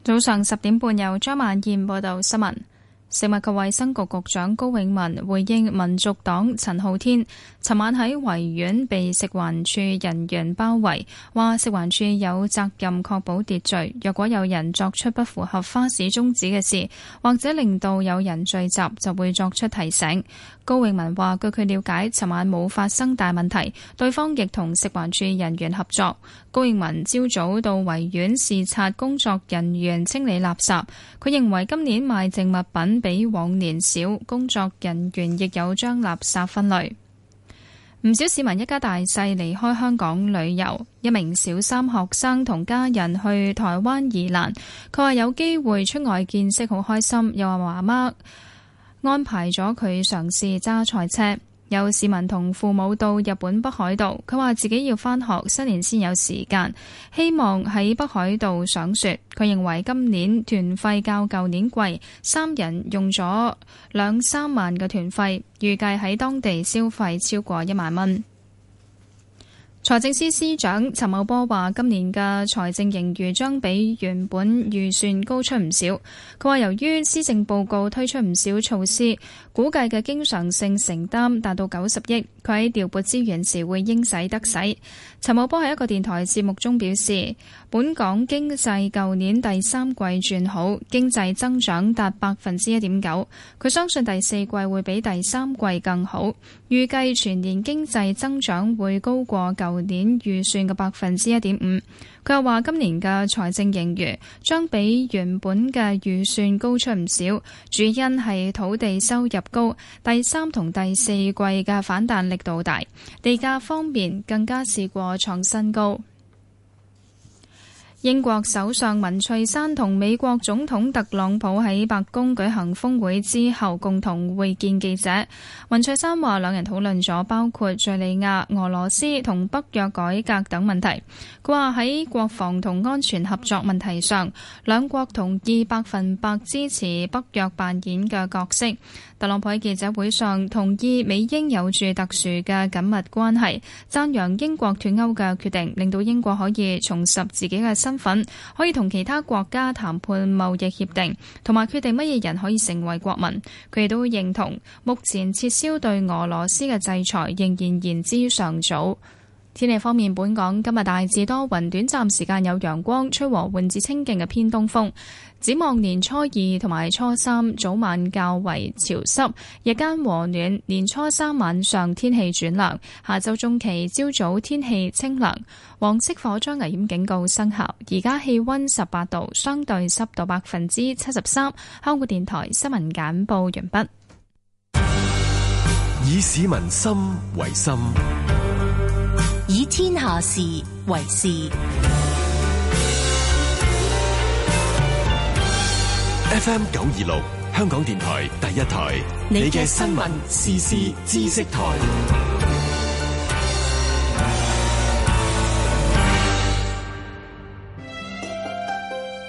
早上十點半，由張萬燕報道新聞。食物及衛生局局長高永文回應民族黨陳浩天，尋晚喺維園被食環署人員包圍，話食環署有責任確保秩序。若果有人作出不符合花市宗旨嘅事，或者令到有人聚集，就會作出提醒。高永文話：據佢了解，尋晚冇發生大問題，對方亦同食環署人員合作。高永文朝早到維園視察工作人員清理垃圾，佢認為今年賣剩物品比往年少，工作人員亦有將垃圾分類。唔少市民一家大細離開香港旅遊，一名小三學生同家人去台灣宜蘭，佢話有機會出外見識，好開心。又話媽媽安排咗佢嘗試揸賽車。有市民同父母到日本北海道，佢話自己要返學，新年先有時間，希望喺北海道賞雪。佢認為今年團費較舊年貴，三人用咗兩三萬嘅團費，預計喺當地消費超過一萬蚊。財政司司長陳茂波話：今年嘅財政盈餘將比原本預算高出唔少。佢話由於施政報告推出唔少措施，估計嘅經常性承擔達到九十億。佢喺調撥資源時會應使得使。陳茂波喺一個電台節目中表示：本港經濟舊年第三季轉好，經濟增長達百分之一點九。佢相信第四季會比第三季更好，預計全年經濟增長會高過舊年預算嘅百分之一點五。佢又話，今年嘅財政盈餘將比原本嘅預算高出唔少，主因係土地收入高，第三同第四季嘅反彈力度大，地價方面更加試過創新高。英國首相文翠珊同美國總統特朗普喺白宮舉行峰會之後，共同會見記者。文翠珊話，兩人討論咗包括敘利亞、俄羅斯同北約改革等問題。佢話喺國防同安全合作問題上，兩國同意百分百支持北約扮演嘅角色。特朗普喺記者會上同意美英有住特殊嘅緊密關係，讚揚英國脱歐嘅決定，令到英國可以重拾自己嘅身份，可以同其他國家談判貿易協定，同埋決定乜嘢人可以成為國民。佢哋都會認同目前撤銷對俄羅斯嘅制裁仍然言之尚早。天氣方面，本港今日大致多雲，短暫時間有陽光，吹和緩至清勁嘅偏東風。展望年初二同埋初三，早晚較為潮濕，日間和暖。年初三晚上天氣轉涼。下周中期朝早天氣清涼。黃色火災危險警告生效。而家氣溫十八度，相對濕度百分之七十三。香港電台新聞簡報完畢。以市民心為心。天下事為事，FM 九二六香港電台第一台，你嘅新聞時事知識台。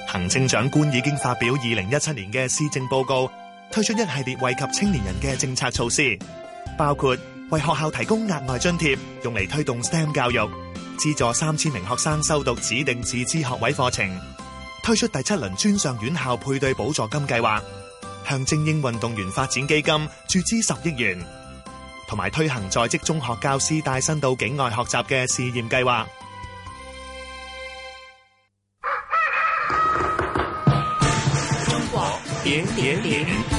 行政長官已經發表二零一七年嘅施政報告，推出一系列惠及青年人嘅政策措施，包括。為學校提供額外津貼，用嚟推動 STEM 教育，資助三千名學生修讀指定自資學位課程，推出第七輪專上院校配對補助金計劃，向精英運動員發展基金注資十億元，同埋推行在職中學教師帶薪到境外學習嘅試驗計劃。點點點！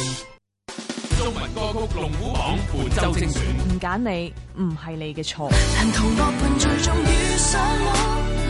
中文歌曲龍虎榜本周精選，唔揀你唔係你嘅錯 [music] [music] [music]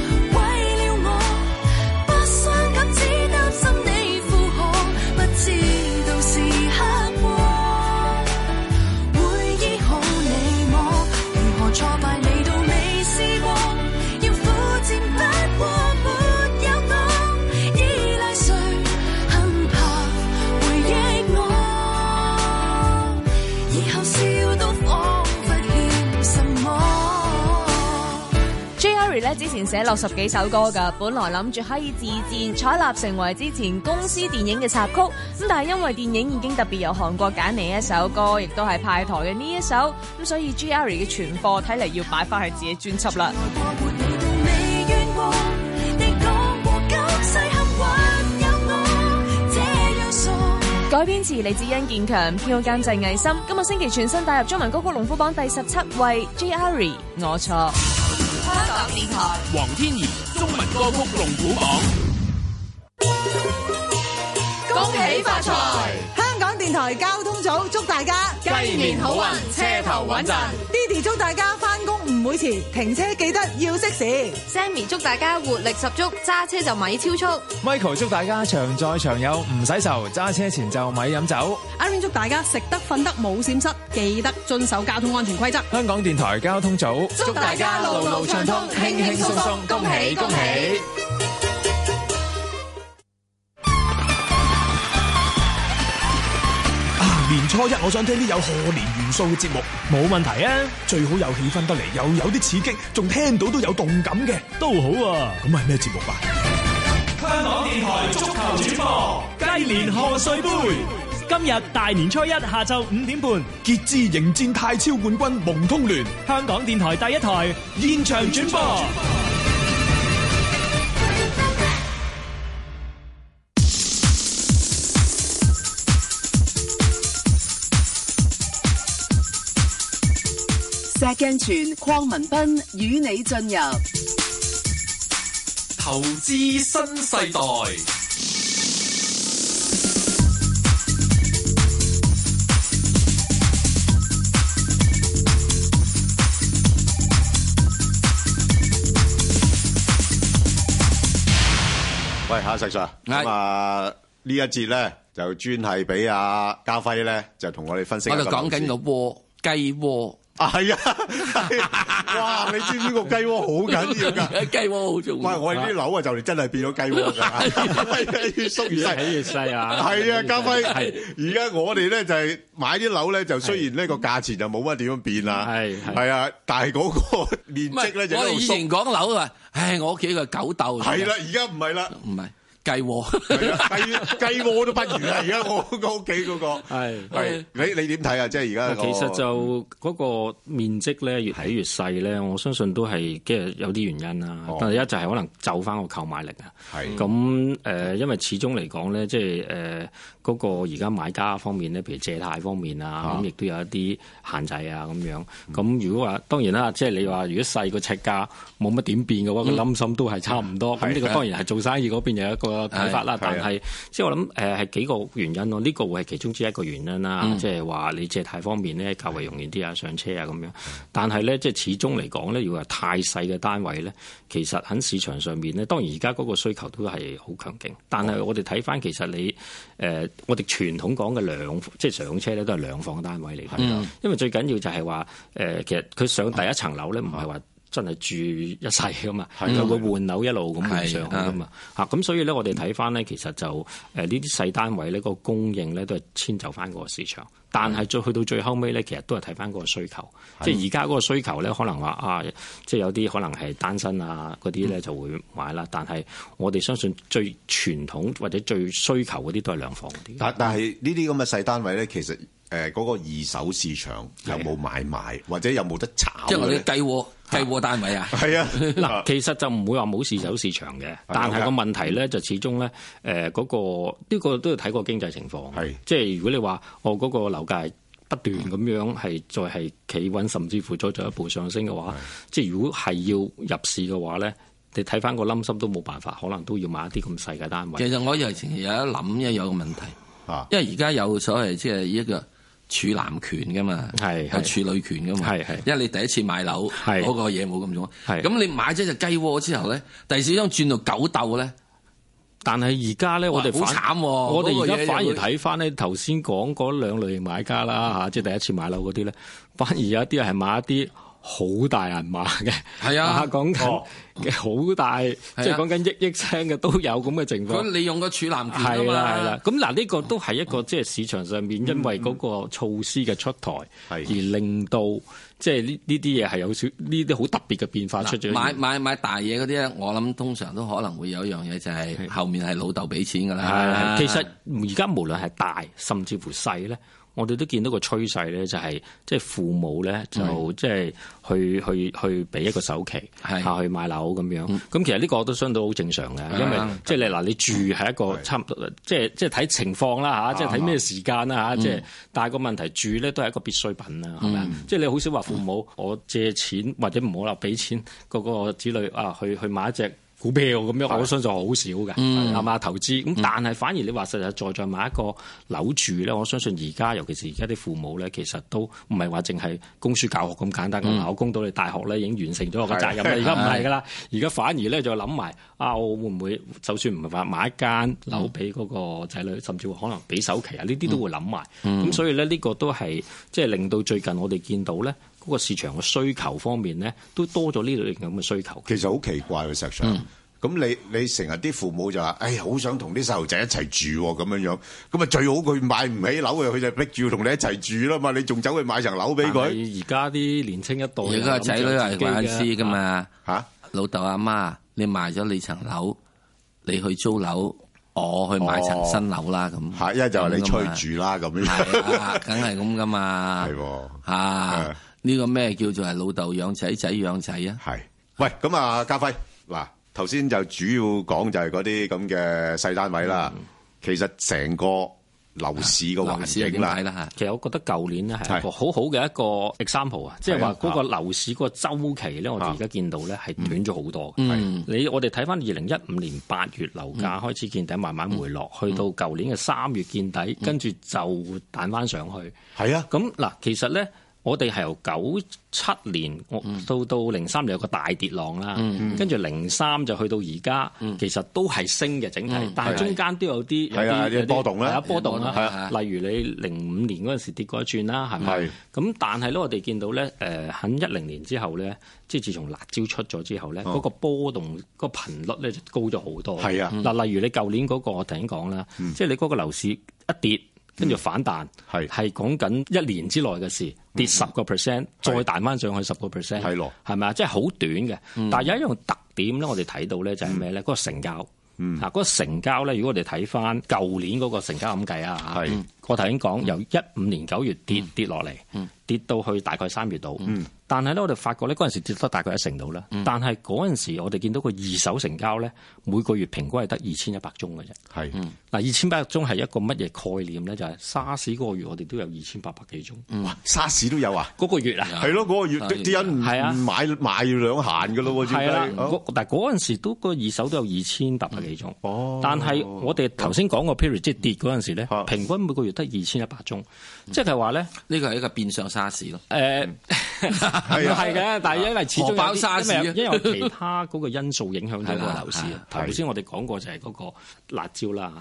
之前寫落十幾首歌噶，本來諗住可以自薦採納成為之前公司電影嘅插曲，咁但係因為電影已經特別由韓國揀嚟一首歌，亦都係派台嘅呢一首，咁所以 g a r r y 嘅存貨睇嚟要擺翻去自己專輯啦。改編詞李智恩健強，編曲監製藝心，今個星期全新打入中文歌曲龍虎榜第十七位 g a r r y 我錯。香港電台，黃天怡中文歌曲龍虎榜，恭喜發財。電台交通組祝大家繼面好運，車頭穩站。初一我想聽啲有賀年元素嘅節目，冇問題啊！最好有氣氛得嚟，又有啲刺激，仲聽到都有動感嘅都好啊！咁係咩節目啊？香港電台足球轉播雞年賀歲杯，今日大年初一下晝五點半，傑志迎戰泰超冠軍蒙通聯，香港電台第一台現場轉播。石鏡泉、鄺文斌與你進入投資新世代。喂，下石 Sir，啊呢一節咧就專係俾阿家輝咧就同我哋分析一一，我就講緊個窩雞窩。雞係啊、哎哎！哇，你知唔知個雞窩好緊要噶？雞窩好重要。喂 [laughs] 我哋啲樓啊，就嚟真係變咗雞窩噶。越縮越越細啊！係啊、哎呀，家輝。係而家我哋咧就係買啲樓咧，就雖然呢個價錢就冇乜點樣變啦。係係啊，但係嗰個面積咧就、哎、我以前講樓啊，唉、哎，我屋企個狗竇係啦，而家唔係啦，唔係。雞窩 [laughs] ，雞雞窩都不如現在，那個、啊！而家我個屋企嗰個係，係你你點睇啊？即係而家其實就嗰個面積咧，越睇越細咧，我相信都係即係有啲原因啦、哦。但係一就係可能就翻個購買力啊。係咁誒，因為始終嚟講咧，即係誒嗰個而家買家方面咧，譬如借貸方面啊，咁、啊、亦都有一啲限制啊，咁樣。咁、嗯、如果話當然啦，即係你話如果細個尺價冇乜點變嘅話，佢、嗯、諗、那個、心都係差唔多。咁呢個當然係做生意嗰邊有一個。睇法啦，但係即係我諗誒係幾個原因咯，呢、這個會係其中之一個原因啦。即係話你借貸方面咧較為容易啲啊，上車啊咁樣。但係咧即係始終嚟講咧，如果、嗯、話太細嘅單位咧，其實喺市場上面咧，當然而家嗰個需求都係好強勁。但係我哋睇翻其實你誒、呃，我哋傳統講嘅兩即係、就是、上車咧都係兩房單位嚟㗎、嗯，因為最緊要就係話誒，其實佢上第一層樓咧唔係話。真係住一世㗎嘛，又、嗯、會換樓一路咁上去㗎嘛，嚇咁、啊、所以咧，我哋睇翻咧，其實就誒呢啲細單位咧個供應咧都係遷就翻個市場，是但係再去到最後尾咧，其實都係睇翻個需求。即係而家嗰個需求咧，可能話啊，即係有啲可能係單身啊嗰啲咧就會買啦。但係我哋相信最傳統或者最需求嗰啲都係兩房啲。但係呢啲咁嘅細單位咧，其實。誒、呃、嗰、那個二手市場有冇買賣，yeah. 或者有冇得炒？即、就、係、是、我哋、啊、計計計和單位啊！係啊，嗱、啊， [laughs] 其實就唔會話冇二手市場嘅、嗯，但係個問題咧、啊 okay. 就始終咧嗰、呃那個呢、這個都要睇個經濟情況。即係、就是、如果你話我嗰個樓價不斷咁樣係再係企穩、嗯，甚至乎再進一步上升嘅話，即係、就是、如果係要入市嘅話咧，你睇翻個冧心都冇辦法，可能都要買一啲咁細嘅單位。其實我又前因為有一諗一有個問題，啊、因為而家有所謂即係一個。處男權㗎嘛，係係，處女權㗎嘛，係係，因為你第一次買樓嗰個嘢冇咁重，咁你買咗隻雞窩之後咧，第二張轉到九鬥咧，但係而家咧，我哋好慘，我哋而家反而睇翻咧頭先講嗰兩類買家啦嚇、那個，即係第一次買樓嗰啲咧，反而有一啲係買一啲。好大銀碼嘅，係啊，講緊嘅好大，即係講緊億億聲嘅都有咁嘅情況。咁你用個處男嚟係啦，係啦。咁嗱，呢個都係一個即係市場上面，因為嗰個措施嘅出台，係而令到即係呢呢啲嘢，係有少呢啲好特別嘅變化出咗。買買買大嘢嗰啲咧，我諗通常都可能會有一樣嘢就係後面係老豆俾錢噶啦。係、啊啊，其實而家無論係大，甚至乎細咧。我哋都見到個趨勢咧，就係即係父母咧就即係去是去去俾一個首期下去買樓咁樣。咁、嗯、其實呢個我都相對好正常嘅，因為即係、就是、你嗱，你住係一個差唔多，即係即係睇情況啦吓，即係睇咩時間啦吓，即係。但係個問題住咧都係一個必需品啊，係咪啊？即係、就是、你好少話父母我借錢或者唔好啦，俾錢個個子女啊去去買一隻。股票咁樣，我相信好少嘅，係咪啊？投資咁，但係反而你話實實在在買一個樓住咧、嗯，我相信而家尤其是而家啲父母咧，其實都唔係話淨係供書教學咁簡單，咁考供到你大學咧已經完成咗我嘅責任。而家唔係㗎啦，而家反而咧就諗埋啊，我會唔會就算唔係話買一間樓俾嗰個仔女，甚至乎可能俾首期啊，呢啲都會諗埋。咁、嗯嗯、所以咧，呢、呢個都係即係令到最近我哋見到咧。嗰、那個市場嘅需求方面咧，都多咗呢類咁嘅需求。其實好奇怪嘅實上，咁、嗯、你你成日啲父母就話，哎，好想同啲細路仔一齊住咁樣樣。咁啊，最好佢買唔起樓，佢就逼住要同你一齊住啦嘛。你仲走去買層樓俾佢？而家啲年青一代都係仔女係玩師㗎嘛，吓，老豆阿媽、媽，你賣咗你層樓，你去租樓，我去買層新樓啦咁。嚇、哦，一就係你出去住啦咁樣。梗係咁㗎嘛。係 [laughs] 喎呢個咩叫做係老豆養仔，仔養仔啊？係喂咁啊，家輝嗱，頭先就主要講就係嗰啲咁嘅細單位啦。其實成個樓市個環境啦，其實我覺得舊年咧係個好好嘅一個 example 啊，即係話嗰個樓市個周期咧，我哋而家見到咧係短咗好多。嗯，你我哋睇翻二零一五年八月樓價開始見底，慢慢回落，去到舊年嘅三月見底，跟住就彈翻上去。係啊，咁嗱，其實咧。我哋係由九七年到到零三年有個大跌浪啦，跟住零三就去到而家，嗯，其實都係升嘅整體，嗯、但係中間都有啲係、嗯、有啲、有啲波動啦，波動啦，例如你零五年嗰陣時跌過一轉啦，係咪？咁但係咧，我哋見到咧，誒喺一零年之後咧，即係自從辣椒出咗之後咧，嗰、嗯那個波動個頻率咧就高咗好多。係啊，嗱、嗯，例如你舊年嗰、那個我頭先講啦，即係你嗰個樓市一跌。跟住反彈，係講緊一年之內嘅事，跌十個 percent，再彈翻上去十個 percent，係咯，係、嗯、咪啊？即係好短嘅，但係有一樣特點咧，我哋睇到咧就係咩咧？嗰個成交，啊，嗰個成交咧，如果我哋睇翻舊年嗰個成交咁計啊，我頭先講由一五年九月跌跌落嚟，跌到去大概三月度。嗯嗯但係咧，我哋發覺咧，嗰陣時跌得大概一成度啦。嗯、但係嗰陣時，我哋見到個二手成交咧，每個月平均係得二千一百宗嘅啫。係、嗯，嗱二千八百宗係一個乜嘢概念咧？就係沙士嗰個月，我哋都有二千八百幾宗、嗯。哇！沙士都有啊？嗰、嗰個月啊？係咯，嗰、嗰個月啲人唔買買兩閒嘅咯喎。係啦、啊，但係嗰陣時都、嗰個二手都有二千八百幾宗、嗯。哦。但係我哋頭先講個 period、嗯、即係跌嗰陣時咧、嗯，平均每個月得二千一百宗。即係話咧，呢個係一個變相沙士咯。誒、嗯，係嘅， [laughs] 但係因為持續爆沙，因為有其他嗰個因素影響咗個樓市啊。頭先我哋講過就係嗰個辣椒啦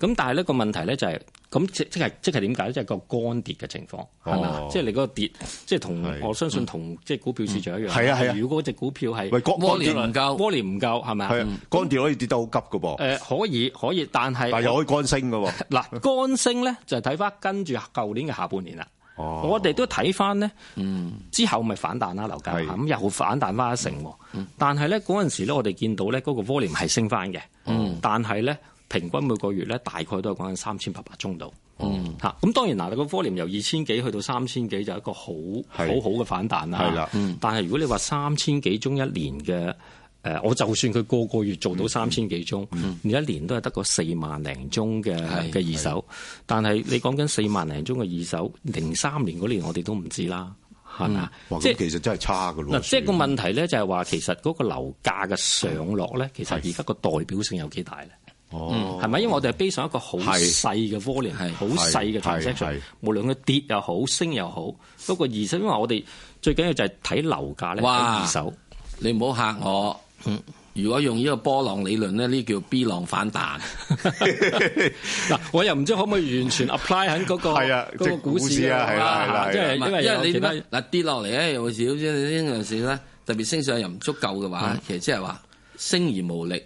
吓，咁但係呢、呢個問題咧就係、是。咁即即係即係點解咧？即係個乾跌嘅情況係嘛？即係、哦、你個跌，即係同我相信同即係股票市場一樣係啊係啊。如果隻股票係，係乾跌唔夠 Volume 唔夠係咪啊？係啊，乾跌可以跌得好急嘅噃。誒、呃、可以可以，但係但係又可以乾升嘅喎。嗱， [laughs] 乾升咧就睇、是、翻跟住舊年嘅下半年啦。哦，我哋都睇翻咧，嗯，之後咪反彈啦，樓價咁又反彈翻一成。嗯，但係咧嗰陣時咧，我哋見到咧嗰個 Volume 係升翻嘅。嗯，但係咧。平均每個月咧，大概都係講緊三千八百宗度，嚇、嗯、咁。嗯、當然嗱，個 volume 由二千幾去到三千幾，就一個好好好嘅反彈啦。是嗯、但係如果你話三千幾宗一年嘅、呃、我就算佢個個月做到三千幾宗你一年都係得個四萬零宗嘅嘅二手。是但係你講緊四萬零宗嘅二手，零三年嗰年我哋都唔知啦，係、嗯、其，其實真係差㗎咯。即係個問題咧，就係、是、話其實嗰個樓價嘅上落咧，其實而家個代表性有幾大咧？哦、嗯，係咪？因為我哋係背上一個好細嘅 volume，好細嘅 t r 無論佢跌又好，升又好，不過二手因為我哋最緊要就係睇樓價咧。哇！手你唔好嚇我、嗯，如果用呢個波浪理論咧，呢叫 B 浪反彈。嗱， [laughs] [laughs] 我又唔知道可唔可以完全 apply 喺嗰個嗰個股市啊？係 [laughs] 啦、right? right?，因為因為因為你嗱跌落嚟咧，有時好似啲樣咧，特別升上又唔足夠嘅話、嗯，其實即係話升而無力，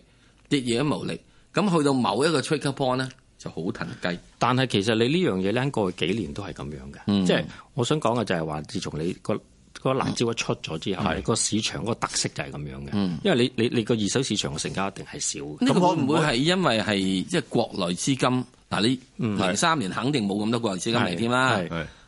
跌而無力。咁去到某一個 trigger point 咧，就好騰雞。但係其實你呢樣嘢咧，過去幾年都係咁樣嘅、嗯。即係我想講嘅就係話，自從你、嗰個、嗰個辣招一出咗之後，嗯、你個市場個、嗰個特色就係咁樣嘅、嗯。因為你你你個二手市場嘅成交一定係少嘅。咁會唔會係因為係即係國內資金？嗱、嗯，你零三年肯定冇咁多國內資金嚟添啦，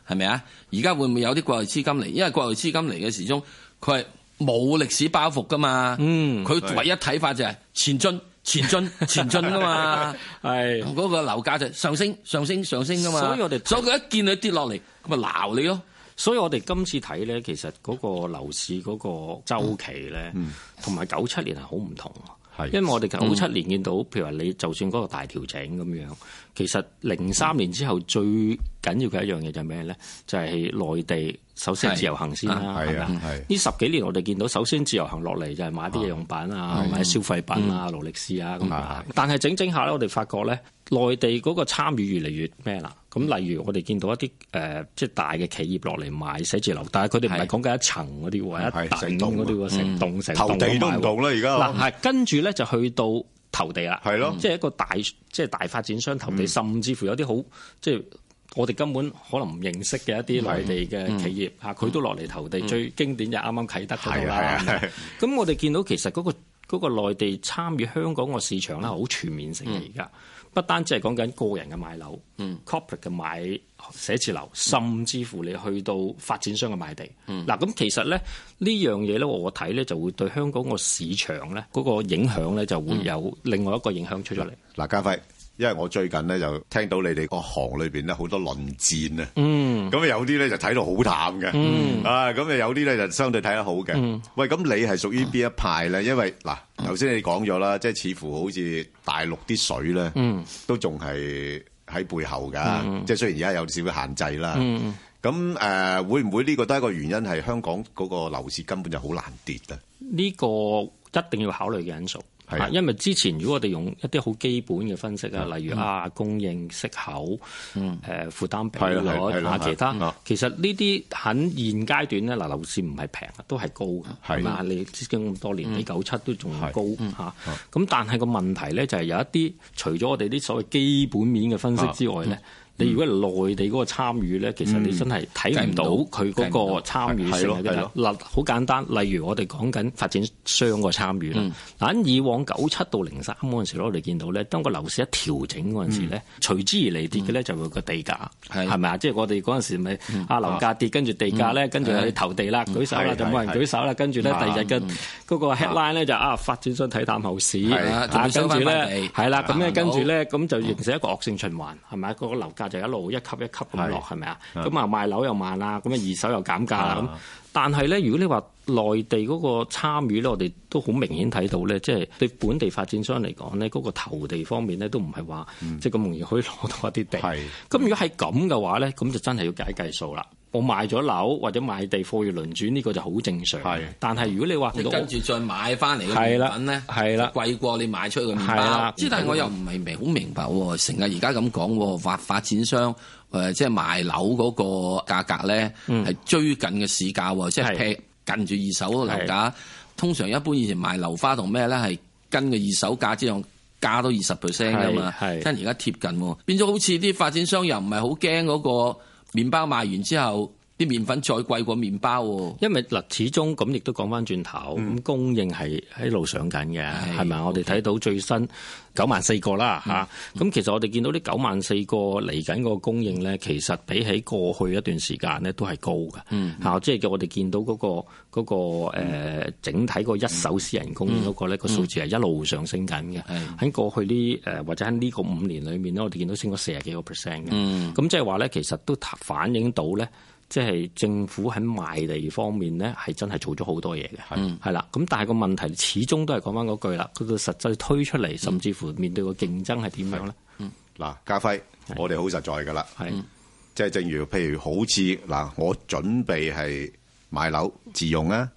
係咪啊？而家會唔會有啲國內資金嚟？因為國內資金嚟嘅時鐘，佢係冇歷史包袱噶嘛。佢、嗯、唯一睇法就係前進。前進前進噶嘛，嗰、 [laughs] 嗰個樓價就上升上升上升噶嘛。所以我哋所以一見佢跌落嚟，咁咪鬧你咯。所以我哋今次睇咧，其實嗰個樓市嗰個週期咧，嗯嗯、97同埋九七年係好唔同。因為我哋九七年見到，譬如話你就算嗰個大調整咁樣。其實零三年之後最緊要嘅一樣嘢就係咩咧？就係、係、內地首先自由行先啦，係咪啊？呢十幾年我哋見到首先自由行落嚟就係買啲嘢用品啊，買啲消費品啊，勞力士啊咁啊。係但係整整下咧，我哋發覺咧內地嗰個參與越嚟越咩啦？咁例如我哋見到一啲誒即係大嘅企業落嚟買寫字樓，但係佢哋唔係講緊一層嗰啲喎，一棟嗰啲喎，成棟成棟，投地都唔到啦。而家嗱係跟住咧就去到。投地啦，係咯，即係一個大，即係大發展商投地，嗯、甚至乎有啲好，即係我哋根本可能唔認識嘅一啲內地嘅企業啊，佢、嗯、都落嚟投地、嗯。最經典的就啱啱啟德嗰度啦。咁我哋見到其實嗰、嗰個嗰、嗰個、內地參與香港個市場咧，好全面性嘅而家。嗯不單只係講緊個人嘅買樓，corporate 嘅買寫字樓，甚至乎你去到發展商嘅買地。嗱、嗯，咁其實咧呢樣嘢咧，我睇咧就會對香港個市場咧嗰個影響咧就會有另外一個影響出咗嚟。嗱、嗯，家、嗯、輝。啊因為我最近咧就聽到你哋嗰行裏邊咧好多論戰、嗯嗯、啊，咁啊有啲咧就睇到好淡嘅，啊咁啊有啲咧就相對睇得好嘅、嗯。喂，咁你係屬於邊一派咧、嗯？因為嗱頭先你講咗啦，即係、嗯、似乎好似大陸啲水咧，都仲係喺背後㗎。即、嗯、係雖然而家有少少限制啦，咁、嗯、誒、呃、會唔會呢個都係一個原因係香港嗰個樓市根本就好難跌嘅？呢、呢個一定要考慮嘅因素。係、啊、因為之前如果我哋用一啲好基本嘅分析啊，例如啊供應息口，嗯、呃、誒負擔比率啊，啊，啊其他，其實呢啲喺現階段咧，嗱樓市唔係平啊，係都係高㗎，係嘛、啊啊？你資金咁多年，比九七都仲高嚇，咁、啊啊啊、但係個問題咧就係有一啲除咗我哋啲所謂基本面嘅分析之外咧。你如果內地嗰個參與咧，其實你真係睇唔到佢嗰、嗯、個參與性嘅。嗱、嗯，好簡單、嗯，例如我哋講緊發展商個參與啦。喺、嗯、以往九七到零三嗰陣時，我哋見到咧，當個樓市一調整嗰陣時咧、嗯，隨之而嚟跌嘅咧就係個地價，係、嗯、咪、就是嗯、啊？即係我哋嗰陣時咪啊樓價跌，跟住地價咧、嗯，跟住去投地啦，舉手啦，就冇人舉手啦，跟住咧、嗯、第二日嘅嗰個 headline 咧就啊、是、發展商睇淡後市，跟住咧係啦，咁咧跟住咧咁就形成一個惡性循環，係咪啊？個樓價就一路一級一級咁落，係咪啊？咁啊賣樓又慢啦，咁樣二手又減價啦。咁但係咧，如果你話內地嗰個參與咧，我哋都好明顯睇到咧，即係對本地發展商嚟講咧，嗰個投地方面咧，都唔係話即係咁容易可以攞到一啲地。咁如果係咁嘅話咧，咁就真係要解計數啦。我賣咗樓或者賣地，貨輪轉，貨要輪轉呢個就好正常。係，但係如果你話你跟住再買翻嚟嘅麵粉咧，係啦，貴過你買出去嘅麵包。之但係我又唔係未好明白，成日而家咁講發發展商誒、呃，即係賣樓嗰個價格咧係追緊嘅市價、嗯，即係劈近住二手樓價。通常一般以前賣樓花同咩咧係跟個二手價之上加多二十 percent 噶嘛，跟而家貼近變咗好似啲發展商又唔係好驚嗰個。麵包賣完之後。啲麵粉再貴過麵包，哦，因為嗱，始終咁亦都講返轉頭，咁、嗯、供應係喺路上緊嘅，係咪？Okay. 我哋睇到最新九萬四個啦嚇咁、嗯嗯嗯、其實我哋見到啲九萬四個嚟緊個供應咧，其實比起過去一段時間咧都係高嘅嚇、嗯啊嗯。即係叫我哋見到嗰、嗰個嗰、嗰個呃、整體個一手私人供應嗰、嗰個咧、嗯嗰個數字係一路上升緊嘅。喺、嗯、過去啲誒、呃、或者喺呢個五年裏面咧，我哋見到升咗四十幾個 percent 嘅。咁、嗯、即係話咧，其實都反映到咧。即係政府喺賣地方面咧，係真係做咗好多嘢嘅，係啦。咁但係個問題始終都係講翻嗰句啦，佢個實際推出嚟，甚至乎面對個競爭係點樣咧？嗱、嗯，家輝，我哋好實在噶啦，係即係正如譬如好似嗱，我準備係買樓自用啊，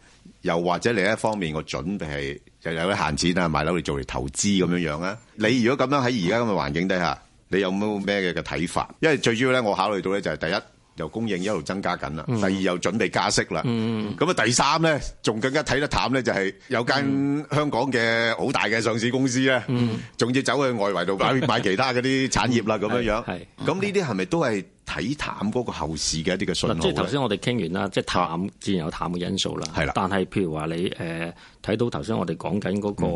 又或者另一方面我準備係又有啲閒錢啊，買樓嚟做嚟投資咁樣樣啊。你如果咁樣喺而家咁嘅環境底下，你有冇咩嘅睇法？因為最主要咧，我考慮到咧就係第一。又供應一路增加緊啦，第二又準備加息啦，嗯，咁啊第三咧，仲更加睇得淡咧，就係有間香港嘅好大嘅上市公司咧，嗯，仲要走去外圍度買買其他嗰啲產業啦，咁樣樣。係，咁呢啲係咪都係？睇淡嗰個後市嘅一啲嘅信號即係頭先我哋傾完啦，即係淡自然有淡嘅因素啦。啦、啊，但係譬如話你睇、呃、到頭先我哋講緊嗰個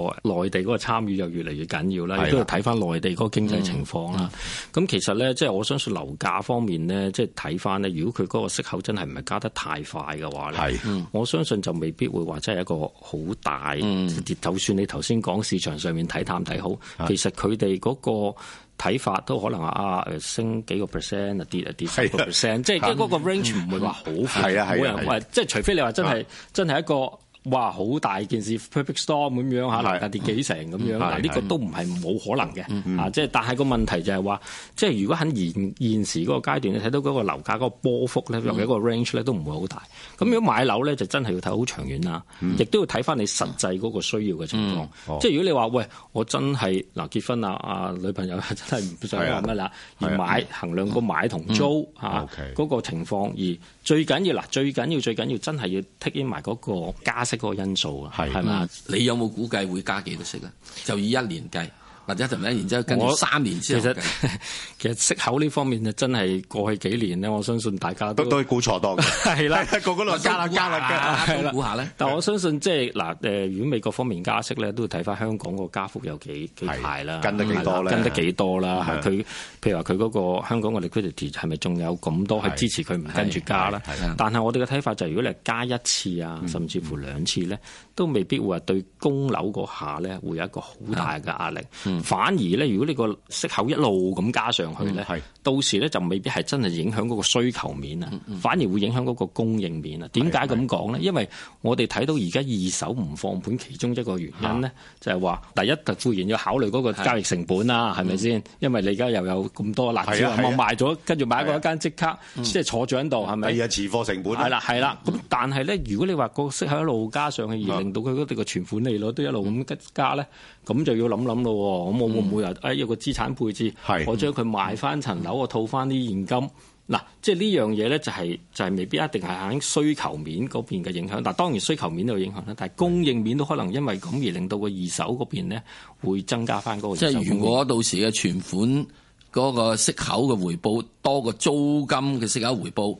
內地嗰個參與又越嚟越緊要啦，亦都要睇翻內地嗰個經濟情況啦。咁、嗯嗯、其實咧，即係我相信樓價方面咧，即係睇翻咧，如果佢嗰個息口真係唔係加得太快嘅話咧、嗯，我相信就未必會話真係一個好大跌、嗯。就算你頭先講市場上面睇淡睇好，其實佢哋嗰個。睇法都可能話啊，升幾個 percent 啊，跌啊跌幾個 percent，即係即係嗰個 range 唔會話好闊啊，冇、啊、人話、啊啊，即係除非你話真係、啊、真係一個。.哇！好大件事 perfect storm 咁樣吓，樓價跌幾成咁樣，嗱、嗯、呢、這個都唔係冇可能嘅，即係但係個問題就係話，即、就、係、是、如果喺現現時嗰個階段、嗯、你睇到嗰個樓價嗰個波幅咧，入、嗯、一個 range 咧都唔會好大。咁如果買樓咧，就真係要睇好長遠啦，亦、嗯、都要睇翻你實際嗰個需要嘅情況，即、嗯、係、嗯哦就是、如果你話喂，我真係嗱結婚啊啊女朋友真係唔想話乜啦，而買、嗯、衡量個買同租嚇、嗯、嗰、啊嗯那個情況、okay、而最緊要嗱，最緊要最緊要真係要 take in 埋嗰個加息。即係那個因素啊，係係嘛？你有冇估計會加幾多息咧？就以一年計。一陣然之後跟咗三年之後，其實其實息口呢方面真係過去幾年咧，我相信大家都都係 [laughs] 是的 [laughs] 估錯多嘅，啦，個個加啦加啦加啦，估下咧。但係我相信即係嗱，誒，如果美國方面加息咧，都要睇翻香港個加幅有幾幾大啦，跟得幾多啦，跟得幾多啦？佢譬如話佢嗰個香港個 liquidity 係咪仲有咁多去支持佢唔跟住加啦？但係我哋嘅睇法就係、是，如果你係加一次啊，甚至乎兩次咧。嗯嗯嗯都未必會話對供樓個下咧會有一個好大嘅壓力，反而咧如果你個息口一路咁加上去咧，到時咧就未必係真係影響嗰個需求面啊，反而會影響嗰個供應面啊。點解咁講咧？因為我哋睇到而家二手唔放盤，其中一個原因咧就係話第一，突然要考慮嗰個交易成本啦，係咪先？因為你而家又有咁多辣招，賣咗跟住買過一間即刻即係坐住喺度，係咪？係啊，持貨成本。係啦，係啦。咁但係咧，如果你話個息口一路加上去令到佢嗰度嘅存款利率都一路咁加咧，咁、嗯、就要諗諗咯。咁我會唔會又有個資產配置？嗯、我將佢賣翻層樓，我套翻啲現金。嗱、嗯啊，即係呢樣嘢咧，就係就係未必一定係喺需求面嗰邊嘅影響。但當然需求面都有影響啦，但係供應面都可能因為咁而令到個二手嗰邊咧會增加翻嗰個。即係如果到時嘅存款嗰個息口嘅回報多過租金嘅息口回報。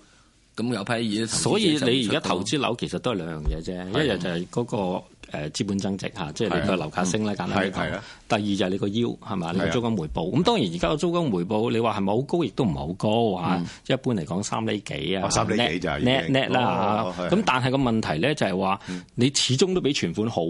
咁有批所以你而家投資樓其實都係兩樣嘢啫。一係就係嗰個誒資本增值即係你個樓價升咧簡單啲講第二就係你個腰係咪？你個租金回報。咁當然而家個租金回報，你話係咪好高，亦都唔係好高啊。即係一般嚟講三厘幾啊、哦，三厘，幾就已經 net 啦咁但係個問題咧就係話，你始終都比存款好。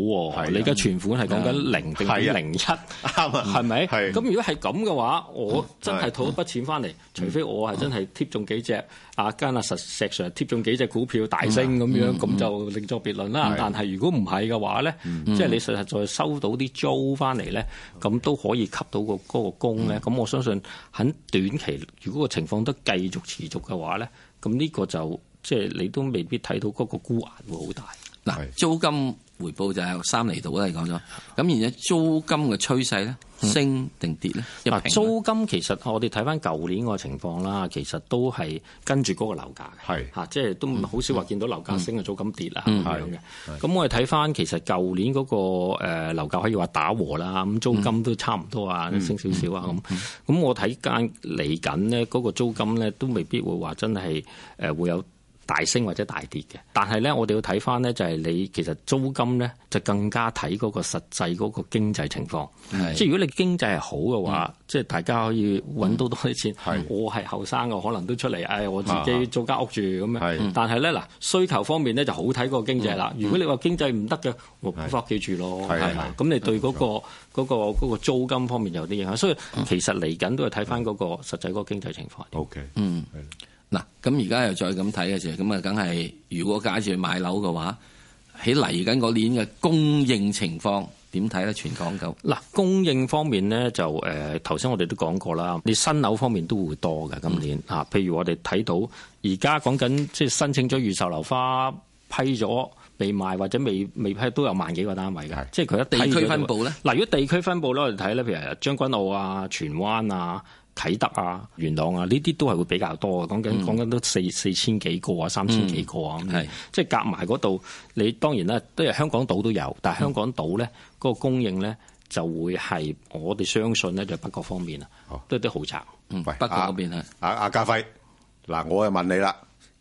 你而家存款係講緊零定係零一，啱啊，係咪？咁如果係咁嘅話，我、嗯、真係套一筆錢翻嚟、嗯嗯，除非我係真係貼中幾隻。嗯嗯阿間啊，石石上貼中幾隻股票大升咁、嗯、樣，咁、嗯、就另作別論啦。但係如果唔係嘅話咧、嗯，即係你實實在收到啲租翻嚟咧，咁、嗯、都可以吸到個嗰個供咧。咁、嗯、我相信喺短期，如果個情況都繼續持續嘅話咧，咁呢個就即係、就是、你都未必睇到嗰個沽壓會好大。嗱、啊，租金。回報就係三厘度啦，你講咗。咁然後租金嘅趨勢咧，升定跌咧？租金其實我哋睇翻舊年個情況啦，其實都係跟住嗰個樓價嘅，嚇、啊，即係都唔好少話見到樓價升，個、嗯、租金跌啊咁嘅。咁、嗯、我哋睇翻其實舊年嗰個樓價可以話打和啦，咁租金都差唔多啊、嗯，升少少啊咁。咁、嗯嗯、我睇間嚟緊咧，嗰個租金咧都未必會話真係誒會有。大升或者大跌嘅，但係咧，我哋要睇翻咧，就係、是、你其實租金咧，就更加睇嗰個實際嗰個經濟情況。即係如果你經濟係好嘅話，嗯、即係大家可以揾到多啲錢。我係後生嘅，我可能都出嚟，誒、哎，我自己租間屋住咁樣。但係咧嗱，需求方面咧就好睇嗰個經濟啦、嗯嗯。如果你話經濟唔得嘅，我翻屋企住咯。係咁你對嗰、嗰個嗰個嗰個嗰個租金方面有啲影響。所以其實嚟緊都係睇翻嗰個實際嗰個經濟情況。O K，嗯。嗯嗱，咁而家又再咁睇嘅就，咁啊，梗係如果假如買樓嘅話，喺嚟緊嗰年嘅供應情況點睇咧？全港究。嗱，供應方面咧就，誒，頭先我哋都講過啦，你新樓方面都會多㗎。今、嗯、年譬如我哋睇到而家講緊即係申請咗預售樓花批咗未賣或者未未批都有萬幾個單位㗎。即係佢一地區分佈咧。嗱，如果地區分佈咧，我哋睇咧，譬如啊將軍澳啊、荃灣啊。啟德啊，元朗啊，呢啲都係會比較多嘅。講緊講緊都四、嗯、四千幾個啊，三千幾個啊。係、嗯，即係夾埋嗰度，你當然啦，都係香港島都有。但係香港島咧，嗰個供應咧就會係、嗯、我哋相信咧，就北角方面啊、哦，都係啲豪宅。嗯，北角嗰邊啊。阿家輝，嗱、啊，我又問你啦。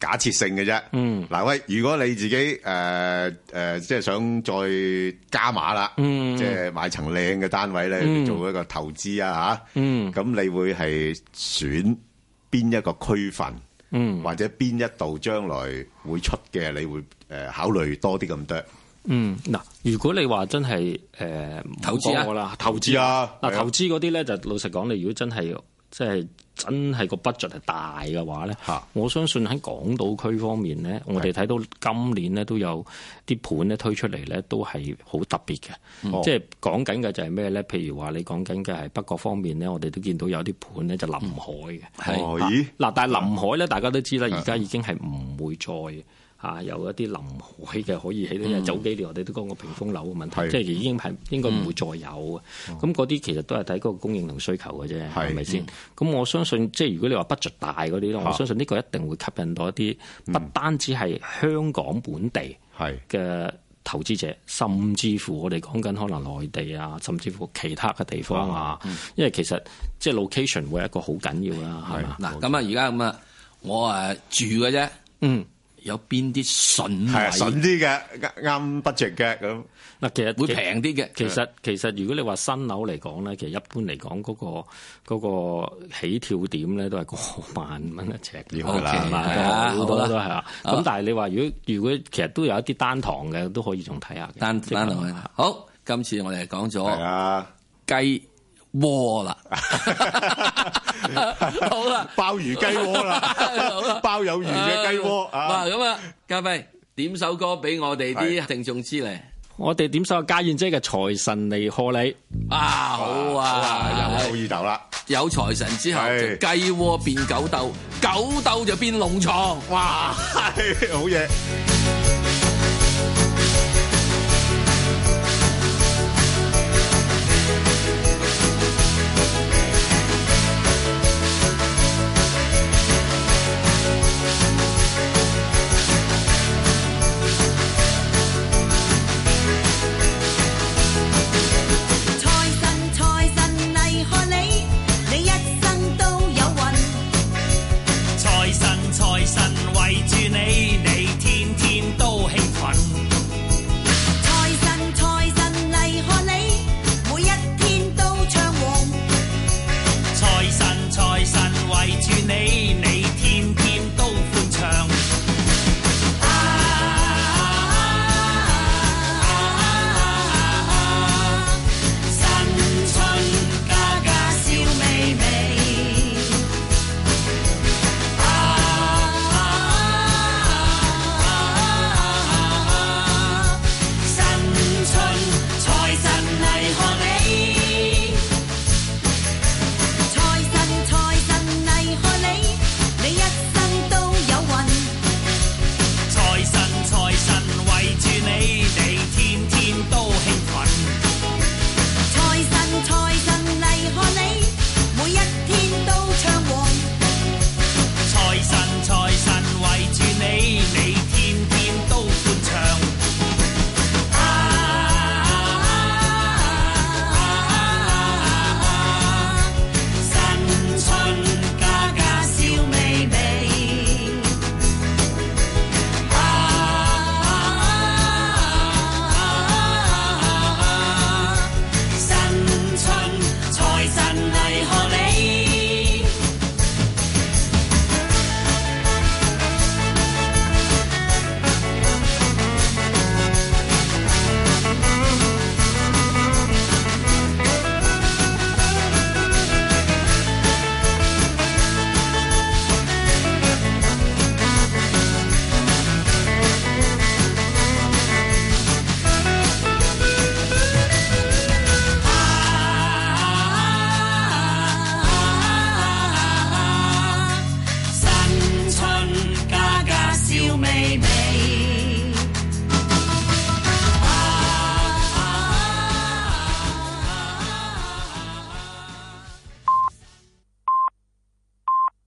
假設性嘅啫，嗱、嗯、喂，如果你自己誒誒，即、呃、係、呃、想再加碼啦，即、嗯、係、就是、買層靚嘅單位咧，嗯、你做一個投資、嗯、啊嚇，咁你會係選邊一個區份、嗯，或者邊一度將來會出嘅，你會誒考慮多啲咁多。嗯，嗱，如果你話真係誒投資啦，投資啊，嗱投資嗰啲咧，就老實講，你如果真係。即係真係個 budget 係大嘅話咧、啊，我相信喺港島區方面咧，我哋睇到今年咧都有啲盤咧推出嚟咧，都係好特別嘅、啊。即係講緊嘅就係咩咧？譬如話你講緊嘅係北角方面咧，我哋都見到有啲盤咧就臨海嘅。係、啊，嗱、啊，但係臨海咧，大家都知啦，而家已經係唔會再。啊，有一啲臨海嘅可以起，因為早幾年我哋都講過屏風樓嘅問題，即係已經應該唔會再有嘅。咁嗰啲其實都係睇個供應同需求嘅啫，係咪先？咁、嗯、我相信，即係如果你話 budget 大嗰啲咧，我相信呢個一定會吸引到一啲不單止係香港本地嘅投資者、嗯嗯，甚至乎我哋講緊可能內地啊，甚至乎其他嘅地方啊、嗯嗯。因為其實即係 location 會係一個好緊要啦，係咪？嗱，咁啊，而家咁啊，我誒住嘅啫，嗯。有邊啲筍米？係啊，筍啲嘅啱不值嘅咁。嗱，其實會平啲嘅。其實其實如果你話新樓嚟講咧，其實一般嚟講嗰個嗰個起跳點咧都係個萬蚊一尺㗎啦，係、okay, 嘛、啊？好多都係啦。咁、啊、但係你話如果如果其實都有一啲單堂嘅都可以仲睇下嘅。單單堂好，今次我哋講咗雞。鍋啦， [laughs] 好啦、啊，鮑魚雞鍋啦， [laughs] 好啦、啊，包有魚嘅雞鍋啊，咁啊，嘉輝點首歌俾我哋啲聽眾知嚟，我哋點首家燕姐嘅財神嚟賀你，你啊，好啊，又好，啊、好意頭啦，有財神之後，雞鍋變狗斗，狗斗就變龍床，哇，好嘢。